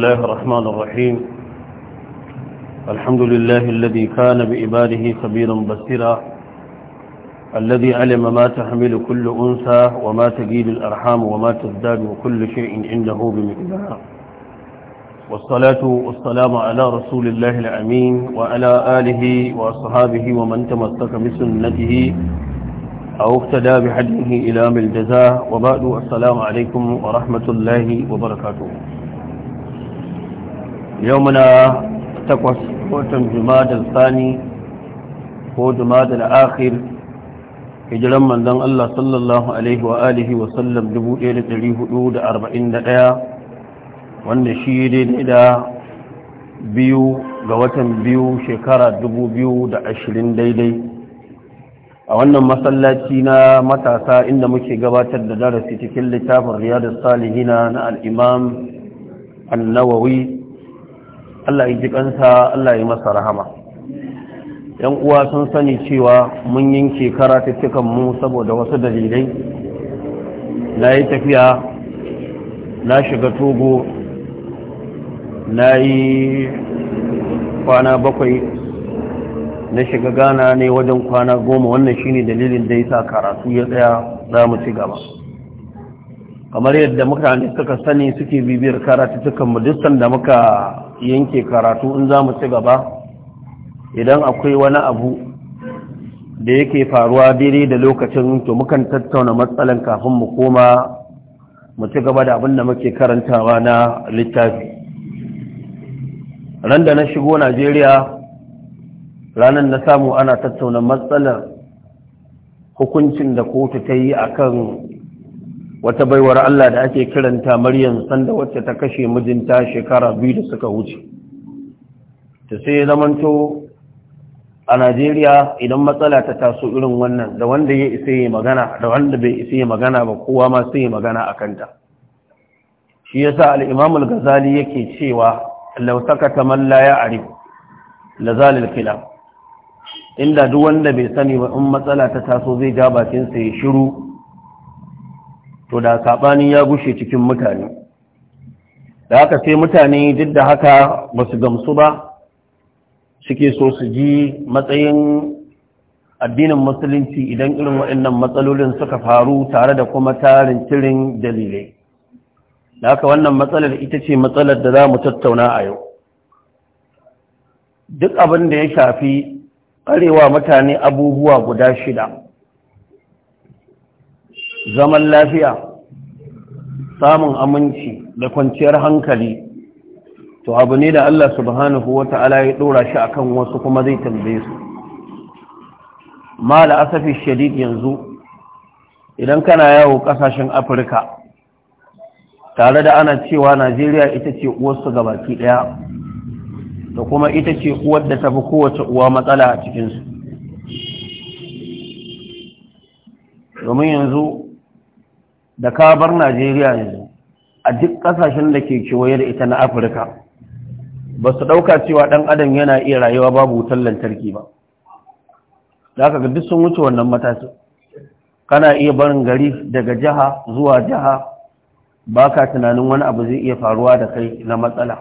الله الرحمن الرحيم الحمد لله الذي كان بإباده خبيرا بصيرا الذي علم ما تحمل كل أنثى وما تجيل الأرحام وما تزداد وكل شيء عنده بمقدار والصلاة والسلام على رسول الله الأمين وعلى آله وأصحابه ومن تمسك بسنته أو اقتدى بحجه إلى ملجزاه وبعد السلام عليكم ورحمة الله وبركاته yau muna takwas watan jumadar sani ko jumadar akhir hijiran manzan Allah sallallahu Alaihi wa alihi wa sallam 1441 wanda shi daidai da biyu ga watan biyu shekara 2020 daidai a wannan masallaci na matasa inda muke gabatar da darasi cikin littafin riyadar salihina na al'imam annawawi Allah ya ji kansa Allah yi masa rahama yan uwa sun sani cewa mun yanke karatuttukan mu saboda wasu dalilai na yi tafiya na shiga togo na yi kwana bakwai na shiga gana ne wajen kwana goma wannan shine dalilin da ya sa karatu ya tsaya za mu ci gaba kamar yadda mutane suka sani suke bibiyar karatuttukan mu duk sanda muka yanke karatu in za mu ci gaba idan akwai wani abu da yake faruwa daidai da lokacin to mukan tattauna matsalan kafin mu koma mu ci gaba da abin da muke karantawa na littafi ran da na shigo najeriya ranar na samu ana tattauna matsalar hukuncin da kotu ta yi akan wata baiwar Allah da ake kiranta Maryam sanda wacce ta kashe mijinta shekara biyu da suka wuce ta sai zamanto a Najeriya idan matsala ta taso irin wannan da wanda ya isa yi magana da wanda bai isa yi magana ba kowa ma sai yi magana a kanta shi yasa al-Imam al-Ghazali yake cewa law sakata man la ya'rif la zalil inda duk wanda bai sani ba in matsala ta taso zai ja bakinsa sa ya shiru to da saɓani ya gushe cikin mutane da haka sai mutane duk da haka ba su gamsu ba suke so su ji matsayin addinin musulunci idan irin waɗannan matsalolin suka faru tare da kuma tarin cirin dalilai da haka wannan matsalar ita ce matsalar da za mu tattauna a yau duk abin da ya shafi ƙarewa mutane abubuwa guda shida zaman lafiya samun aminci da kwanciyar hankali to abu ne da Allah subhanahu wa ta'ala ya dora shi akan wasu kuma zai tambaye su mala asafi shadid yanzu idan kana yawo kasashen afirka tare da ana cewa najeriya ita ce uwarsu gabaki daya da kuma ita ce uwar da tafi kowace uwa matsala a cikinsu domin yanzu da ka bar najeriya yanzu a duk kasashen da ke kewaye da ita na afirka ba su ɗauka cewa ɗan adam yana iya rayuwa babu wutar lantarki ba da aka duk sun wuce wannan matashi kana iya barin gari daga jiha zuwa jiha ba ka tunanin wani abu zai iya faruwa da kai na matsala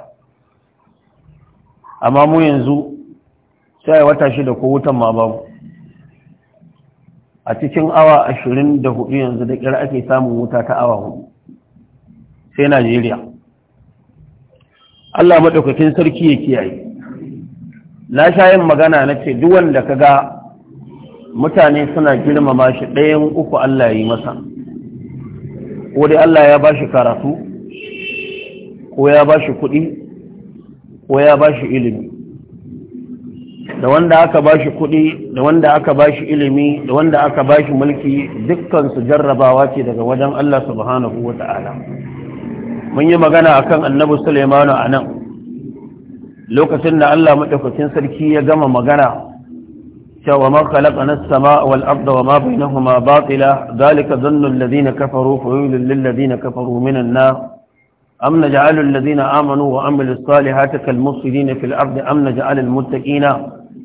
amma mu yanzu sai wata shida ko wutan ma babu a cikin awa ashirin da hudu yanzu da ƙira ake samun wuta ta awa hudu sai najeriya allah maɗaukakin sarki ya kiyaye na sha yin magana na ce duk wanda ka ga mutane suna girmama shi ɗayan uku allah ya yi masa ko dai allah ya ba shi karatu ko ya ba shi kuɗi ko ya ba shi ilimi da wanda aka ba shi kuɗi da wanda aka ba shi ilimi da wanda aka ba shi mulki dukkansu jarrabawa ce daga wajen Allah subhanahu wa ta'ala mun yi magana akan annabi Sulaimanu a nan lokacin da Allah maɗaukacin sarki ya gama magana cewa ma khalaqana as-samaa wal arda wa ma bainahuma batila zalika dhannu alladhina kafaru fa yulil ladina kafaru minan nar أم نجعل الذين آمنوا وعملوا الصالحات كالمفسدين في الأرض أم نجعل المتقين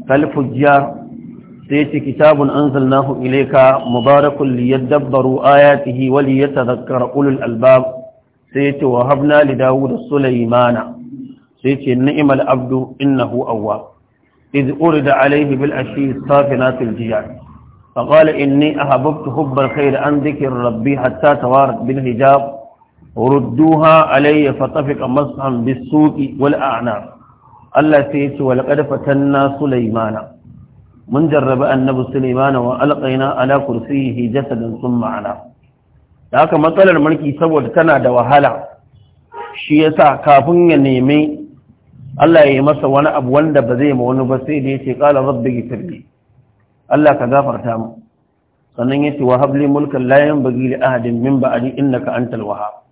kalfujjar sai ce kitabun anzalnahu ileka mubarakun liyadabbaru ayatihi wa liyatadhakkara ulul albab sai ce wa habna li dawud sulaimana sai ce ni'mal abdu innahu awwab iz urida alaihi bil ashi safinatul jiyad فقال إني أحببت حب الخير عن ذكر ربي حتى توارت بالحجاب وردوها علي فطفق مسحا بالسوق والأعناق Allah sai ya ce walqad na sulaymana mun jarraba annabi sulaimana wa alqaina ala kursiyhi jasadan sun ma'ana. da haka matsalar mulki saboda tana da wahala shi yasa kafin ya nemi Allah ya yi masa wani abu wanda ba zai ma wani ba sai da yace qala rabbi ghfirli Allah ka gafarta mu sannan yace wa habli mulkan la yanbaghi li ahadin min ba'di innaka antal wahhab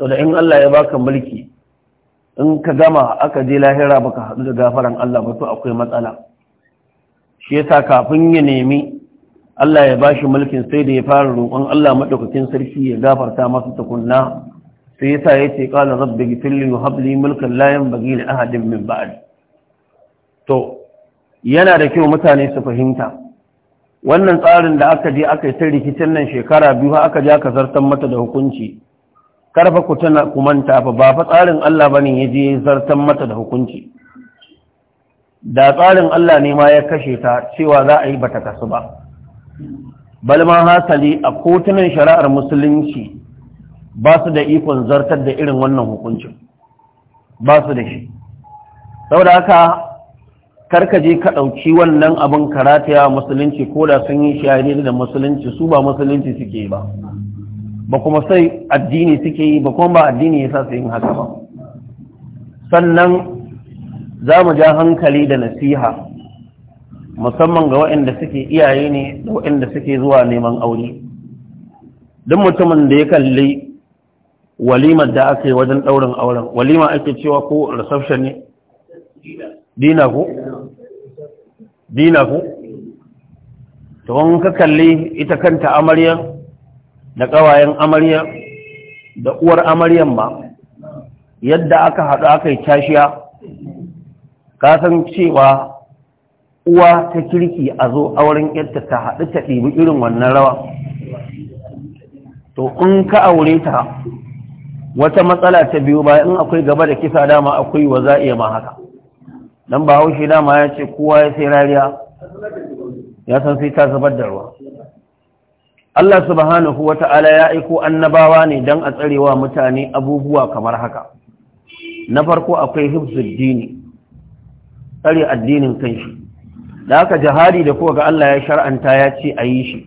to da in Allah ya baka mulki in ka gama aka je lahira baka haɗu da gafaran Allah ba to akwai matsala shi yasa kafin ya nemi Allah ya bashi mulkin sai da ya fara roƙon Allah madaukakin sarki ya gafarta masa tukunna sai yasa yace qala rabbi ghfirli wa hab li mulkan la yanbaghi li ahadin min ba'ad. to yana da kyau mutane su fahimta wannan tsarin da aka je aka yi ta rikicin nan shekara biyu aka je aka zartar mata da hukunci karfa ku tana manta fa ba fa tsarin Allah bane ya je zartan mata da hukunci da tsarin Allah ne ma ya kashe ta cewa za a yi bata kasu ba balma hasali a kotunan shari'ar musulunci ba su da ikon zartar da irin wannan hukuncin ba su da shi saboda haka karka je ka ɗauki wannan abin karataya musulunci ko da sun yi shari'a da musulunci su ba musulunci suke ba ba kuma sai addini suke yi ba kuma ba addini ya sa su yin haka ba sannan za mu ja hankali da nasiha musamman ga waɗanda suke iyaye ne da waɗanda suke zuwa neman aure duk mutumin da ya kalli walimar da aka yi wajen ɗaurin auren walima ake cewa ko reception ne dina ko dina ko to ka kalli ita kanta amaryar da ƙawayen amarya da uwar amaryan ba yadda aka haɗu aka yi tashiya kasan cewa uwa ta kirki a zo auren yadda ta haɗu ta ɗibi irin wannan rawa to in ka aure ta wata matsala ta biyu ba in akwai gaba da kisa dama akwai wa za iya ma haka Don ba haushi dama ya ce kowa ya sai rariya ya san sai ta zubar da ruwa Allah subhanahu wa ta'ala ya aiko annabawa ne don a tsarewa mutane abubuwa kamar haka. Na farko akwai hifzul dini, tsare addinin kanshi. Da haka jihadi da kowa ga Allah ya shar'anta ya ce a yi shi.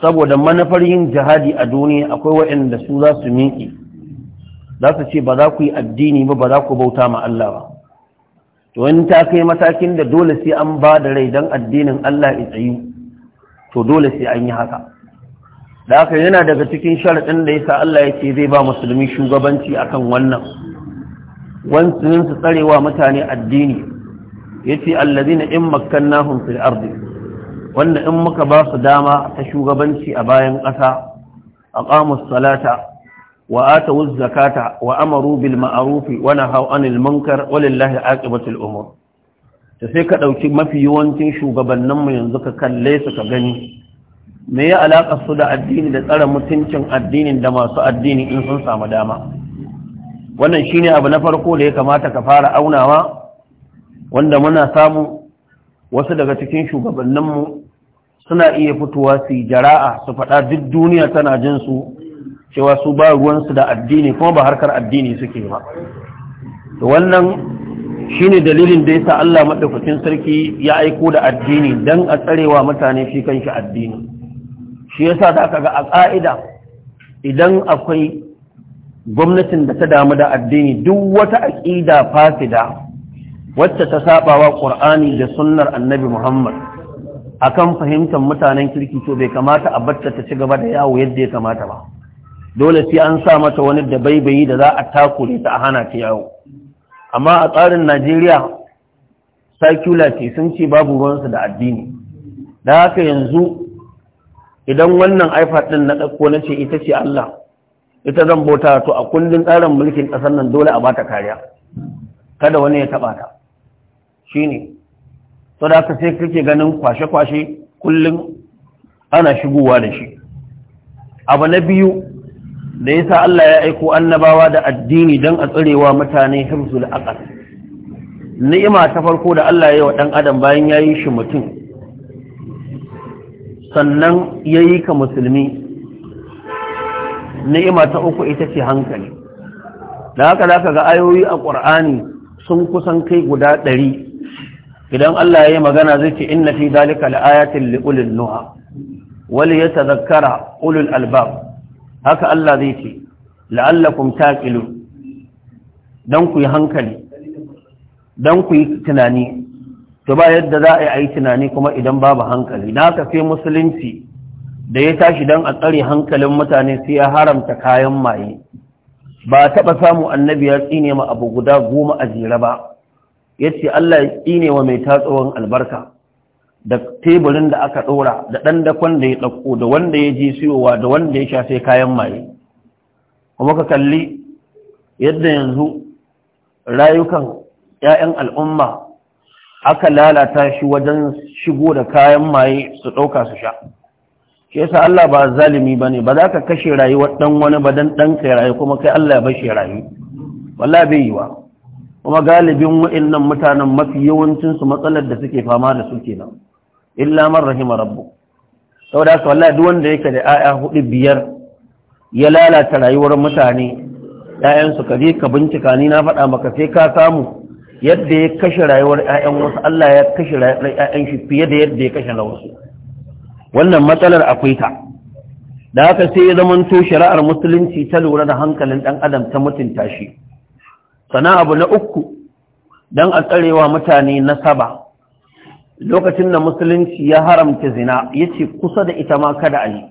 Saboda manufar yin jihadi a duniya akwai waɗanda su za su miƙi, za su ce ba za ku yi addini ba ba za ku bauta ma Allah ba. To, wani ta kai matakin da dole sai an ba da rai don addinin Allah ya tsayu. to dole sai an yi haka da haka yana daga cikin sharaɗin da yasa Allah ya ce zai ba musulmi shugabanci akan wannan wancan su tsarewa mutane addini yace allazina in makkannahum fil ardi wanda in muka ba su dama ta shugabanci a bayan ƙasa aqamus salata wa atawuz zakata wa amaru bil ma'ruf wa nahaw anil munkar walillahi aqibatul umur ta sai ka ɗauki mafi yawancin shugabanninmu yanzu ka kalle su ka gani me ya alaƙa su da addini da tsara mutuncin addinin da masu addini in sun samu dama wannan shine abu na farko da ya kamata ka fara aunawa wanda muna samu wasu daga cikin shugabannin mu suna iya fitowa su yi jara'a su faɗa duk duniya tana jin su cewa su ba ruwansu da addini kuma ba harkar addini suke ba to wannan Shi ne dalilin da ya sa Allah maɗaukacin sarki ya aiko da addini don a tsarewa mutane shi kanshi addini shi ya da aka ga a ƙa'ida idan akwai gwamnatin da ta damu da addini duk wata aƙida fasida wacce ta wa ƙur'ani da sunnar Annabi Muhammad A kan fahimtar mutanen kirki to bai kamata a batta ta ci gaba da yawo yadda ya kamata ba dole sai an sa mata wani da da za a takure ta a hana ta yawo amma a tsarin najeriya circular ce sun ce babu ruwansu da addini da haka yanzu idan wannan ipad ɗin na ɗauko na ce ita ce allah ita zan bauta to a kundin tsarin mulkin ƙasar nan dole a bata kariya kada wani ya taɓa ta shi ne to da sai kake ganin kwashe-kwashe kullum ana shigowa da shi abu na biyu da ya sa Allah ya aiko annabawa da addini don a tsarewa mutane hifzul aƙas? ni'ima ta farko da Allah ya yi wa ɗan adam bayan ya yi shi mutum sannan ya yi ka musulmi ni'ima ta uku ita ce hankali da haka za ka ga ayoyi a ƙwar'ani sun kusan kai guda ɗari idan Allah ya yi magana zai ce inna fi dalika la'ayatin li'ulil nuha wali ya ulul albab haka Allah zai ce la'allakum taqilu dan ku yi hankali dan ku yi tunani to ba yadda za a yi tunani kuma idan babu hankali na ka sai musulunci da ya tashi dan a tsare hankalin mutane sai ya haramta kayan maye ba a taɓa samu annabi ya tsine ma abu guda goma a jere ba ya ce Allah ya tsine wa mai tatsowar albarka da teburin da aka ɗora da ɗan dakon da ya ɗauko da wanda ya je siyowa da wanda ya sha sai kayan maye kuma ka kalli yadda yanzu rayukan 'ya'yan al'umma aka lalata shi wajen shigo da kayan maye su ɗauka su sha shi yasa Allah ba zalimi ba ne ba za ka kashe rayuwar ɗan wani ba don ɗan kai rayu kuma kai Allah ya bashe rayu wallah bai yi wa kuma galibin wa'innan mutanen mafi yawancinsu matsalar da suke fama da su kenan illa man rahima rabbu saboda haka wallahi duk wanda yake da 'ya'ya hudu biyar ya lalata rayuwar mutane ƴaƴan su je ka bincika ni na faɗa maka sai ka samu yadda ya kashe rayuwar ƴaƴan wasu Allah ya kashe rayuwar ƴaƴan shi fiye da yadda ya kashe na wasu wannan matsalar akwai ta da haka sai ya zamanto shari'ar musulunci ta lura da hankalin ɗan adam ta mutunta shi sana abu na uku don a tsarewa mutane na saba. lokacin da musulunci ya haramta zina yace kusa da ita ma kada a yi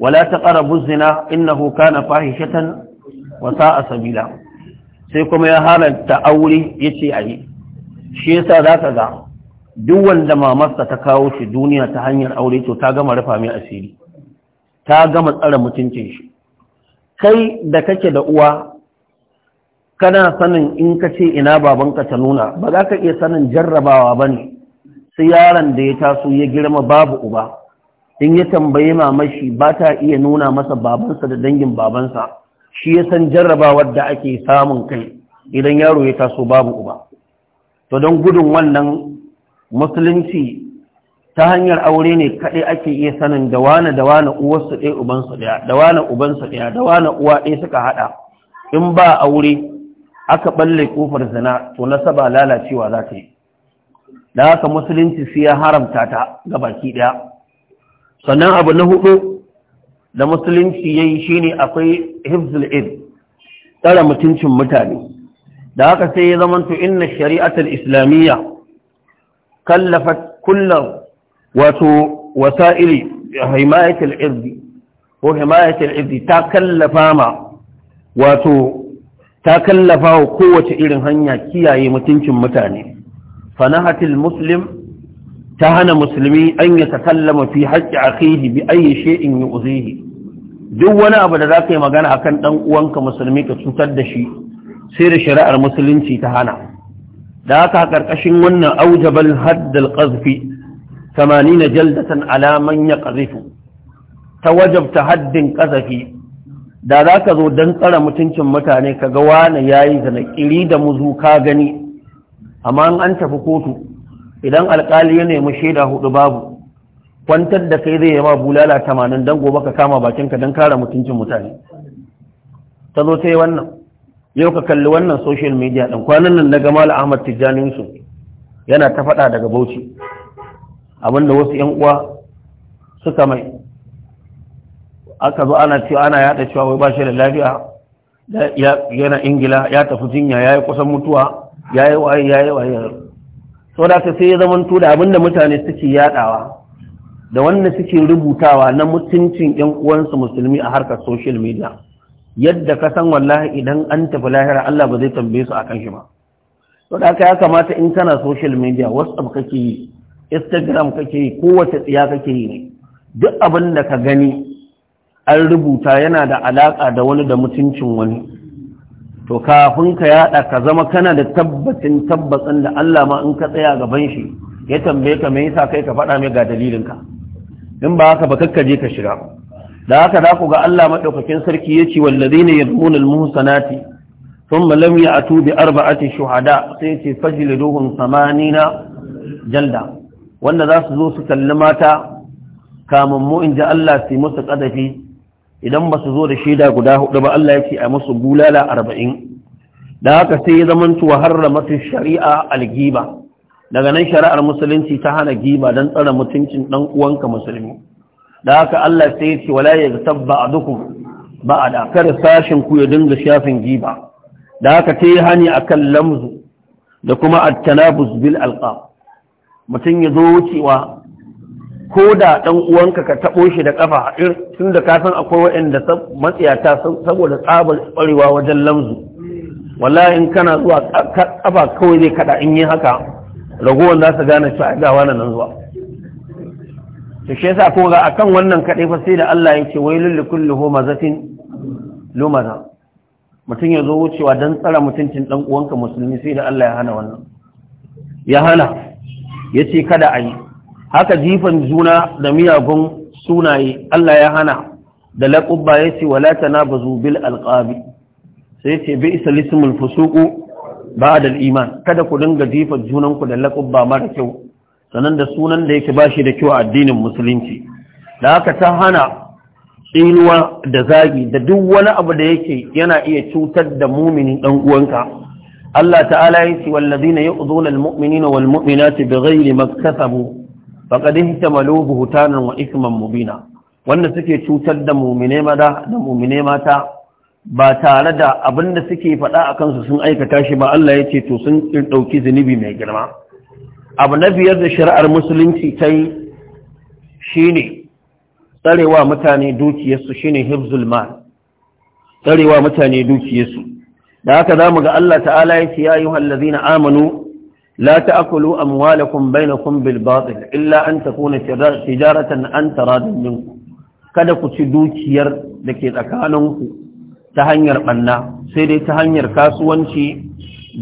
wala taqrabu zina innahu kana fahishatan wasa a sabila sai kuma ya haramta aure yace a yi shi yasa zaka ga duk wanda mamarsa ta kawo shi duniya ta hanyar aure to ta gama rufa mai asiri ta gama tsara mutuncin shi kai da kake da uwa kana sanin in ka ce ina babanka ta nuna ba za ka iya sanin jarrabawa ba ne sai yaron da ya taso ya girma babu uba in ya tambaye mamashi ba ta iya nuna masa babansa da dangin babansa shi ya san jarrabawar da ake samun kai idan yaro ya taso babu uba to don gudun wannan musulunci ta hanyar aure ne kaɗai ake iya sanin da wane da wane uwarsu ɗaya ubansu ɗaya da wane ubansu ɗaya da wane uwa ɗaya suka haɗa in ba aure aka ɓalle ƙofar zina to nasaba lalacewa za ta yi da haka musulunci su ya haramta ta ga baki ɗaya sannan abu na hudu da musulunci ya yi shi ne akwai hifzul id tsara mutuncin mutane da haka sai ya zamanto inna shari'atar islamiyya kallafat kullum wato wasa'ili himayatul irdi ko himayatul irdi ta kallafa ma wato ta kallafa wa kowace irin hanya kiyaye mutuncin mutane fanahatil muslim ta hana musulmi an ya takallama fi haƙƙi akhihi bi ayi duk wani abu da za ka yi magana akan dan uwanka musulmi ka cutar da shi sai da shari'ar musulunci ta hana da haka karkashin wannan aujabal haddal qazfi 80 jaldatan ala man yaqzifu ta wajabta haddin qazafi da za ka zo don tsara mutuncin mutane ka ga wani yayi zana kiri da muzu ka gani amma in an tafi kotu idan alkali ya nemi shaida hudu babu kwantar da kai zai yaba bulala tamanin dan gobe ka kama bakin ka don kare mutuncin mutane ta zo ta yi wannan yau ka kalli wannan social media ɗin kwanan nan na gamal ahmad tijjanin su yana ta faɗa daga bauchi abinda wasu yan uwa suka mai aka zo ana cewa ana yaɗa cewa wai ba shi da lafiya yana ingila ya tafi jinya ya yi kusan mutuwa yayi waye yayi waye so da ka sai ya zaman to da abinda mutane suke yadawa da wanda suke rubutawa na mutuncin yan uwansu musulmi a harkar social media yadda ka san wallahi idan an tafi lahira Allah ba zai tambaye su akan shi ba to da ka ya kamata in kana social media WhatsApp kake yi Instagram kake yi kowace tsiya kake yi duk abin da ka gani an rubuta yana da alaka da wani da mutuncin wani to kafin ka yada ka zama kana da tabbacin tabbacin da Allah ma in ka tsaya gaban shi ya tambaye ka me yasa kai ka faɗa mai ga dalilin ka in ba haka ba kakkaje ka shiga da haka za ku ga Allah madaukakin sarki ya ce wallazina yadmuna almuhsanati thumma lam ya'tu bi arba'ati shuhada sai ce fajliduhum samanina jalda wanda za su zo su kalli mata kamun mu in ji Allah su yi musu kadafi idan ba su zo da shaida guda hudu ba Allah ya ce a musu bulala arba'in da haka sai ya zamantu wa harramatu shari'a algiba daga nan shari'ar musulunci ta hana giba don tsara mutuncin dan uwanka musulmi da haka Allah sai ya ce wala yaghtab ba'dukum ba'da kada sashin ku ya dinga shafin giba da haka sai hani a kan lamzu da kuma at tanabus bil alqab mutum ya zo wucewa ko da ɗan uwanka ka taɓo shi da ƙafa tun da ka san akwai waɗanda matsiyata saboda tsabar ƙwarewa wajen lamzu wallahi in kana zuwa ƙafa kawai zai kaɗa in yi haka ragowar za su gane cewa ga wani nan zuwa to shi yasa ko ga akan wannan kaɗai fa sai da Allah ya ce wailul likulli humazatin lumaza mutum ya zo wucewa don tsara mutuncin ɗan uwanka musulmi sai da Allah ya hana wannan ya hana ya ce kada a yi haka jifan juna da miyagun sunaye Allah ya hana da laƙubba ya ce wala tanabazu bil alqabi sai ce bi isalismul ba ba'da iman kada ku dinga jifan junanku da laƙubba mara kyau sanan da sunan da yake bashi da kyau a addinin musulunci da haka ta hana tsinuwa da zagi da duk wani abu da yake yana iya cutar da muminin dan uwanka Allah ta'ala ya ce wallazina yu'dhuna almu'minina walmu'minati bighairi maktasabu faƙadin hitamalu buhutanan wa isman mubina wanda suke cutar da mumine mada da mumine mata ba tare da abin da suke faɗa a kansu sun aikata shi ba Allah ya ce to sun ɗauki zunubi mai girma abu na biyar da shari'ar musulunci ta yi shi ne tsarewa mutane dukiyarsu shi ne hibzul mal tsarewa mutane dukiyarsu da haka za mu ga Allah ta'ala ya ce ya yi hallazina amanu لا تأكلوا أموالكم بينكم بالباطل إلا أن تكون تجارة أن تراد منكم kada ku ci dukiyar da ke tsakaninku ta hanyar ɓanna sai dai ta hanyar kasuwanci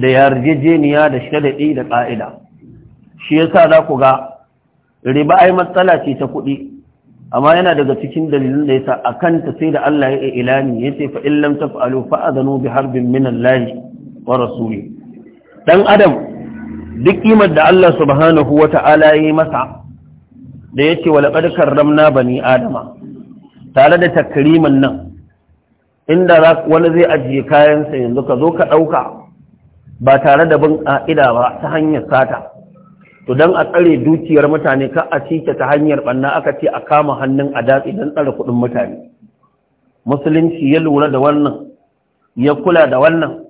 da yarjejeniya da sharaɗi da ƙa'ida shi yasa za ku ga riba ai matsala ce ta kuɗi amma yana daga cikin dalilin da sa a kanta sai da Allah ya ilani ya ce fa illam taf'alu fa adanu bi harbin minan Allah wa rasuli dan adam duk kimar da Allah subhanahu wa ta'ala ya yi masa da ya ce ramna ba bani adama tare da takariman nan inda wani zai ajiye kayansa yanzu ka zo ka ɗauka ba tare da bin ƙa'ida ba ta hanyar sata to don a tsare dukiyar mutane ka a cike ta hanyar banna aka ce a kama hannun a datsi don tsare kuɗin mutane musulunci ya lura da wannan ya kula da wannan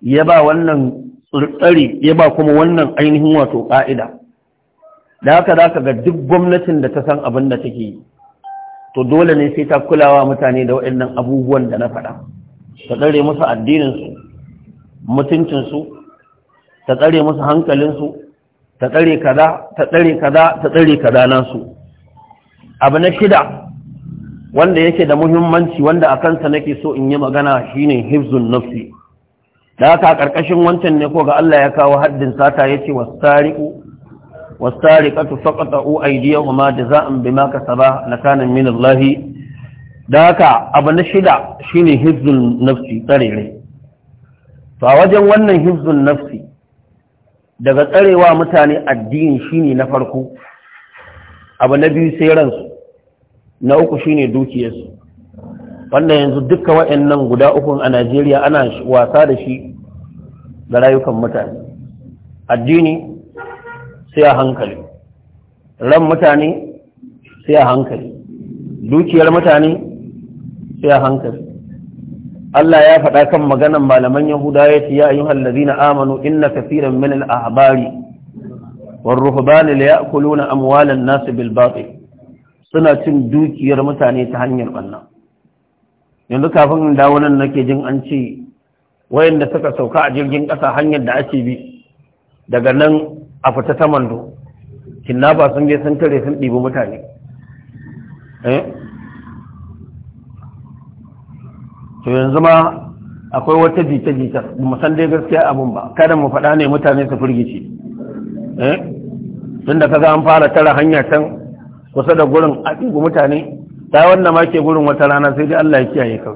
ya ba wannan tsari ya ba kuma wannan ainihin wato ƙa'ida da haka za ka ga duk gwamnatin da ta san abin da take yi to dole ne sai ta kulawa mutane da waɗannan abubuwan da na faɗa ta tsare musu addininsu mutuncinsu ta tsare musu hankalinsu ta tsare kaza ta tsare kaza ta tsare kaza nasu abu na shida wanda yake da muhimmanci wanda a kansa nake so in yi magana shine hifzun nafsi da haka a ƙarƙashin wancan ne ko ga Allah ya kawo haddin sata ya ce wasariku wasariqatu aydiyahuma jazaa'an bima kasaba lakanan min Allah da haka abu na shida shine hizbun nafsi tsarere to a wajen wannan hizbun nafsi daga tsarewa mutane addini shine na farko abu na biyu sai ransu na uku shine dukiyarsu wanda yanzu duka wa'annan guda ukun a Najeriya ana wasa da shi ga rayukan mutane addini sai a hankali ran mutane sai a hankali dukiyar mutane sai a hankali Allah ya faɗa kan maganan malaman Yahuda ya ce ya ayyuhal ladina amanu inna kaseeran min al-ahbari war ruhbani la ya'kuluna amwalan nas bil batil suna cin dukiyar mutane ta hanyar banna yanzu kafin in dawo nan nake jin an ce wayanda suka sauka a jirgin kasa hanyar da ake bi daga nan a fita ta mando ba sun je sun tare sun ɗibi mutane eh? to yanzu ma akwai wata jita-jita mu san dai gaskiya abin ba kada mu faɗa ne mutane su firgici eh? tun da kaga an fara tara hanya can kusa da gurin a ɗibi mutane ta wanda ma ke gurin wata rana sai dai Allah ya kiyaye ka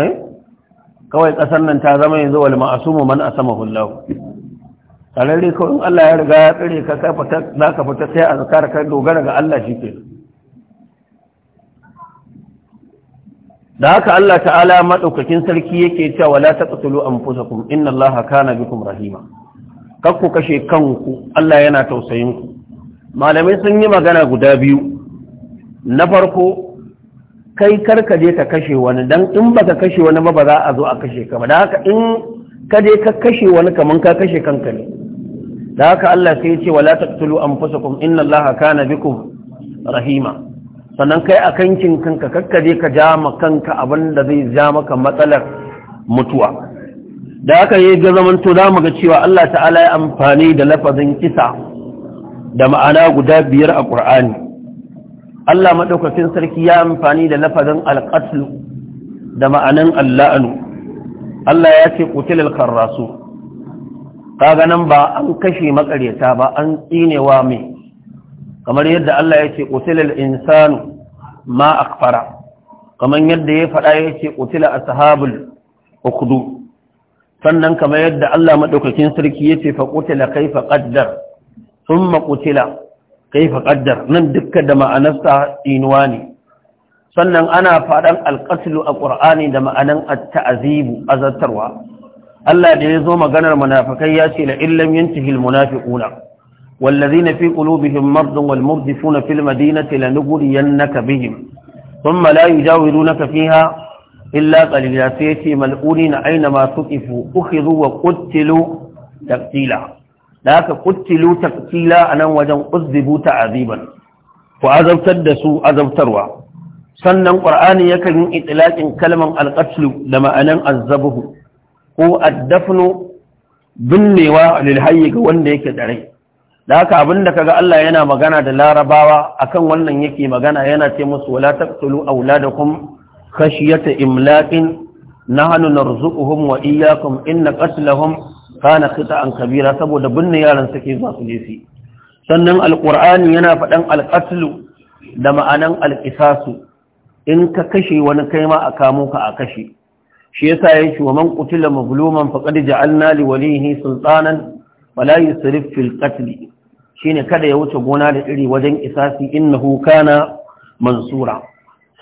eh kawai kasar nan ta zama yanzu wal ma'asumu man asama hullahu tarare kawai Allah ya riga ya tsare ka kai fita zaka fita sai azkar ka dogara ga Allah shike da haka Allah ta'ala madaukakin sarki yake cewa wala taqtulu anfusakum Allah kana bikum rahima kakku kashe kanku Allah yana tausayin ku malamai sun yi magana guda biyu na farko kai karka je ka kashe wani dan in baka kashe wani ba ba za a zo a kashe ka ba da haka in ka je ka kashe wani kaman ka kashe kanka ne da haka Allah sai ya ce wala taqtulu anfusakum inna Allaha kana bikum rahima sannan kai a kankin kanka kakka je ka ja ma kanka abin da zai ja maka matsalar mutuwa da aka yi ga zamanto za mu ga cewa Allah ta'ala ya amfani da lafazin kisa da ma'ana guda biyar a ƙur'ani Allah maɗaukakin sarki ya amfani da lafazin alƙatlu da ma'anan alla'anu Allah ya ce ƙutil alkarrasu kaga nan ba an kashe maƙaryata ba an tsinewa mai kamar yadda Allah ya ce ƙutil insanu ma akfara kamar yadda ya faɗa ya ce ƙutil ashabul ukhdud sannan kamar yadda Allah maɗaukakin sarki ya ce faƙutila kai faƙaddar summa kutila kaifa kaddar nan dukka da ma'anarsa inuwa ne sannan ana faɗan alƙatulu a ƙur'ani da ma'anan ta'azibu azartarwa Allah da ya zo maganar munafikai ya ce la illam yantahi almunafiquna wallazina fi qulubihim maradun wal murdifuna fil madinati lanughriyannaka bihim thumma la yujawirunaka fiha illa qalila sai ce mal'unina aina ma tuqifu ukhidhu wa qutilu taqtila da aka kuttilu taktila a nan wajen ta aziban, ku azabtar da su azabtarwa sannan ƙur'ani yakan yi itlaqin kalman alqatlu da ma'anan azabuhu, ko addafnu binnewa lilhayi ga wanda yake tsare. da haka abinda kaga Allah yana magana da larabawa akan wannan yake magana yana ce musu wala taqtulu auladakum khashiyata imlaqin nahnu narzuquhum wa iyyakum inna qatlahum kana kita an kabira saboda binne yaran suke zuwa su je sannan alqur'ani yana faɗan alqatlu da ma'anan alqisasu in ka kashe wani kai ma a kamo ka a kashe shi yasa yace wa man qutila mazluman faqad ja'alna li walihi sultanan wala yusrif fil qatl shine kada ya wuce gona da iri wajen isasi innahu kana mansura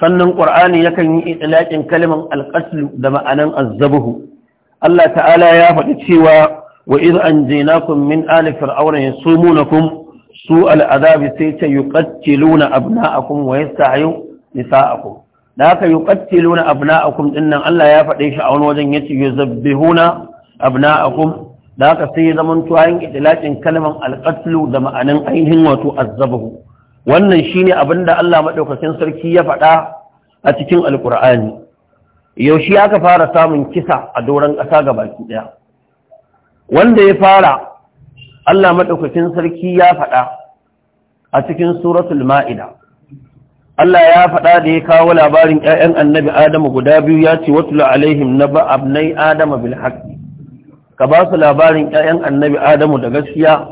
sannan qur'ani yakan yi itlaqin kalman alqatl da ma'anan azzabuhu Allah ta'ala ya faɗi cewa wa iz anjaynakum min ali fir'auna yasumunakum su al'adabi sai ce yuqattiluna abna'akum wa yastahyuna nisa'akum da haka yuqattiluna abna'akum dinnan Allah ya faɗe shi a wani wajen yace yuzabbihuna abna'akum da haka sai ya zama to ayin idlaqin kalman alqatlu da ma'anin ainihin wato Azabahu. wannan shine abinda Allah madaukakin sarki ya faɗa a cikin alqur'ani yaushe aka fara samun kisa a doron ƙasa ga baki ɗaya wanda ya fara Allah maɗaukakin sarki ya faɗa a cikin suratul ma'ida Allah ya faɗa da ya kawo labarin ‘ya'yan annabi Adamu guda biyu ya ce watula alaihim na ba'abnai Adama bil haƙi ka ba su labarin ‘ya'yan annabi Adamu da gaskiya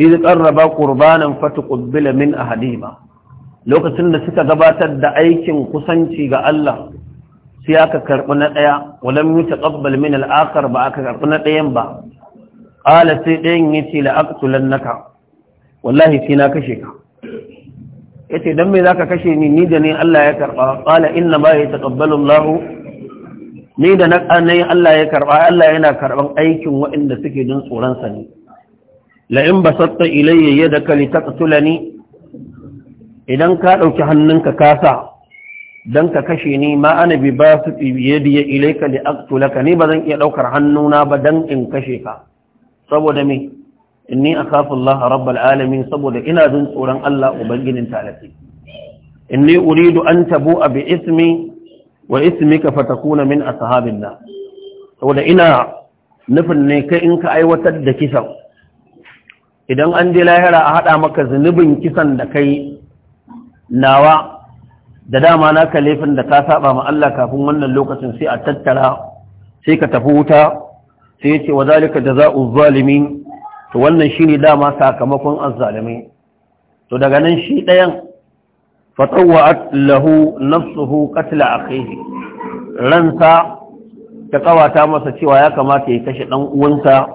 iz qarraba qurbanan fatuqbila min ahadima lokacin da suka gabatar da aikin kusanci ga Allah sai aka karɓi na ɗaya walam yi taƙabbal min al'akar ba aka karɓi na ɗayan ba ƙala sai ɗayan ya ce la'aktulan naka wallahi sai na kashe ka ya ce don me za ka kashe ni ni da ni Allah ya karɓa ƙala inna ba ya taƙabbalin lahu ni da na ƙanayi Allah ya karɓa Allah yana karɓan aikin waɗanda suke jin tsoronsa ne la'in ba satta ilayya yadda ka li taƙatula ni idan ka ɗauki hannunka ka sa. dan ka kashe ni ma ana bi ba su biyadiya ilaika li aqtulaka ni ba zan iya daukar hannuna ba dan in kashe ka saboda me inni akhafu Allah alamin saboda ina jin tsoron Allah ubangijin talafi inni uridu an tabu bi ismi wa ismika fatakuna min ashabin nar saboda ina nufin ne kai in ka aiwatar da kisan idan an je lahira a hada maka zunubin kisan da kai nawa da dama na laifin da ka saba ma Allah kafin wannan lokacin sai a tattara sai ka tafi wuta sai ya ce wa zalika jaza'u zalimin to wannan shine dama sakamakon azzalimi to daga nan shi dayan fatawwa'at lahu nafsuhu qatla akhihi ransa ta kawata masa cewa ya kamata ya kashe dan uwansa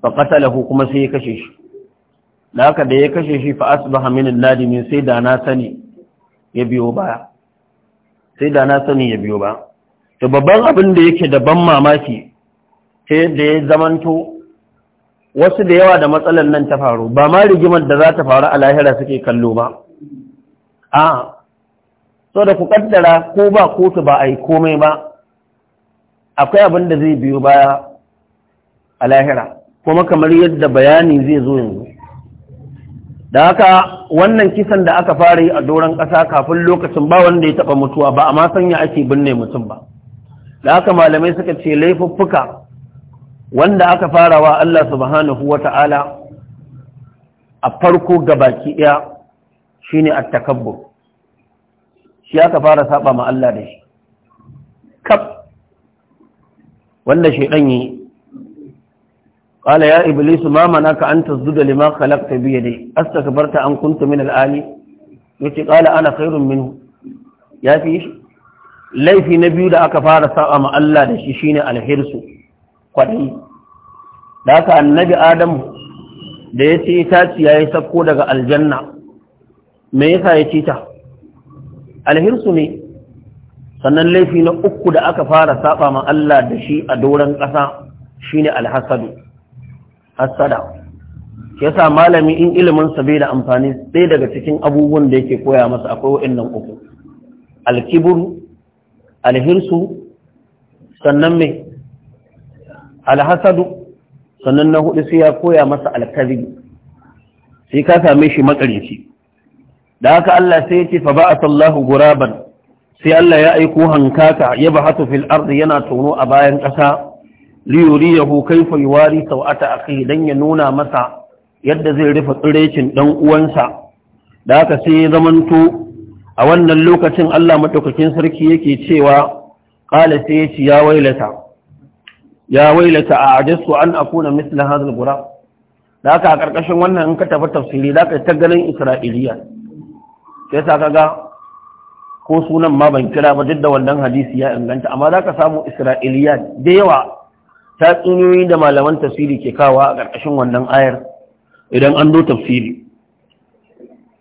fa qatalahu kuma sai ya kashe shi da haka da ya kashe shi fa asbaha min nadimin sai da na sani ya biyo baya sai da na sani ya biyo ba to babban abin da yake da ban mamaki ta yadda ya zamanto wasu da yawa da matsalar nan ta faru ba ma rigimar da za ta faru a lahira suke kallo ba a so da ku kaddara ko ba kotu ba a yi komai ba akwai abin da zai biyo baya a lahira kuma kamar yadda bayani zai zo yanzu da haka wannan kisan da aka fara yi a doron ƙasa kafin lokacin ba wanda ya taɓa mutuwa ba amma sanya ake binne mutum ba da haka malamai suka ce laifuffuka wanda aka fara wa Allah subhanahu wa ta'ala a farko ga baki ɗaya shi ne attakabbur shi aka fara saba ma Allah da shi kaf wanda shi yi قال يا إبليس ما منعك أن تسجد لما خلقت ka barta an kunta من الآلي يتي قال أنا خير منه يا فيش laifi na biyu da aka fara sa'a ma Allah da shi shine alhirsu kwaɗayi da annabi Adamu da ya ce itaci ya yi sakko daga aljanna me yasa ya ci alhirsu ne sannan laifi na uku da aka fara saba ma Allah da shi a doron ƙasa shine alhasadu hassada yasa malami in ilimin sa bai da amfani sai daga cikin abubuwan da yake koya masa akwai wa'annan uku alkibru alhirsu sannan me alhasadu sannan na hudu sai ya koya masa alkazi sai ka same shi makarici da haka Allah sai yake fa ba'atha Allahu guraban sai Allah ya aiko hankaka ya bahatu fil ardi yana tono a bayan ƙasa liyuriyahu kaifa yuwari sau'ata kai dan ya nuna masa yadda zai rufe tsirecin dan uwansa da aka sai ya zamanto a wannan lokacin Allah madaukakin sarki yake cewa qala sai ya ce ya wailata ya wailata a ajastu an akuna misla hadha gura da aka a karkashin wannan in ka tafi tafsiri da ka ta ganin isra'iliya sai sa ga. ko sunan ma ban kira ba duk da wannan hadisi ya inganta amma za ka samu isra'iliya da yawa tatsuniyoyi da malaman tafsiri ke kawa a ƙarƙashin wannan ayar idan an zo tafsiri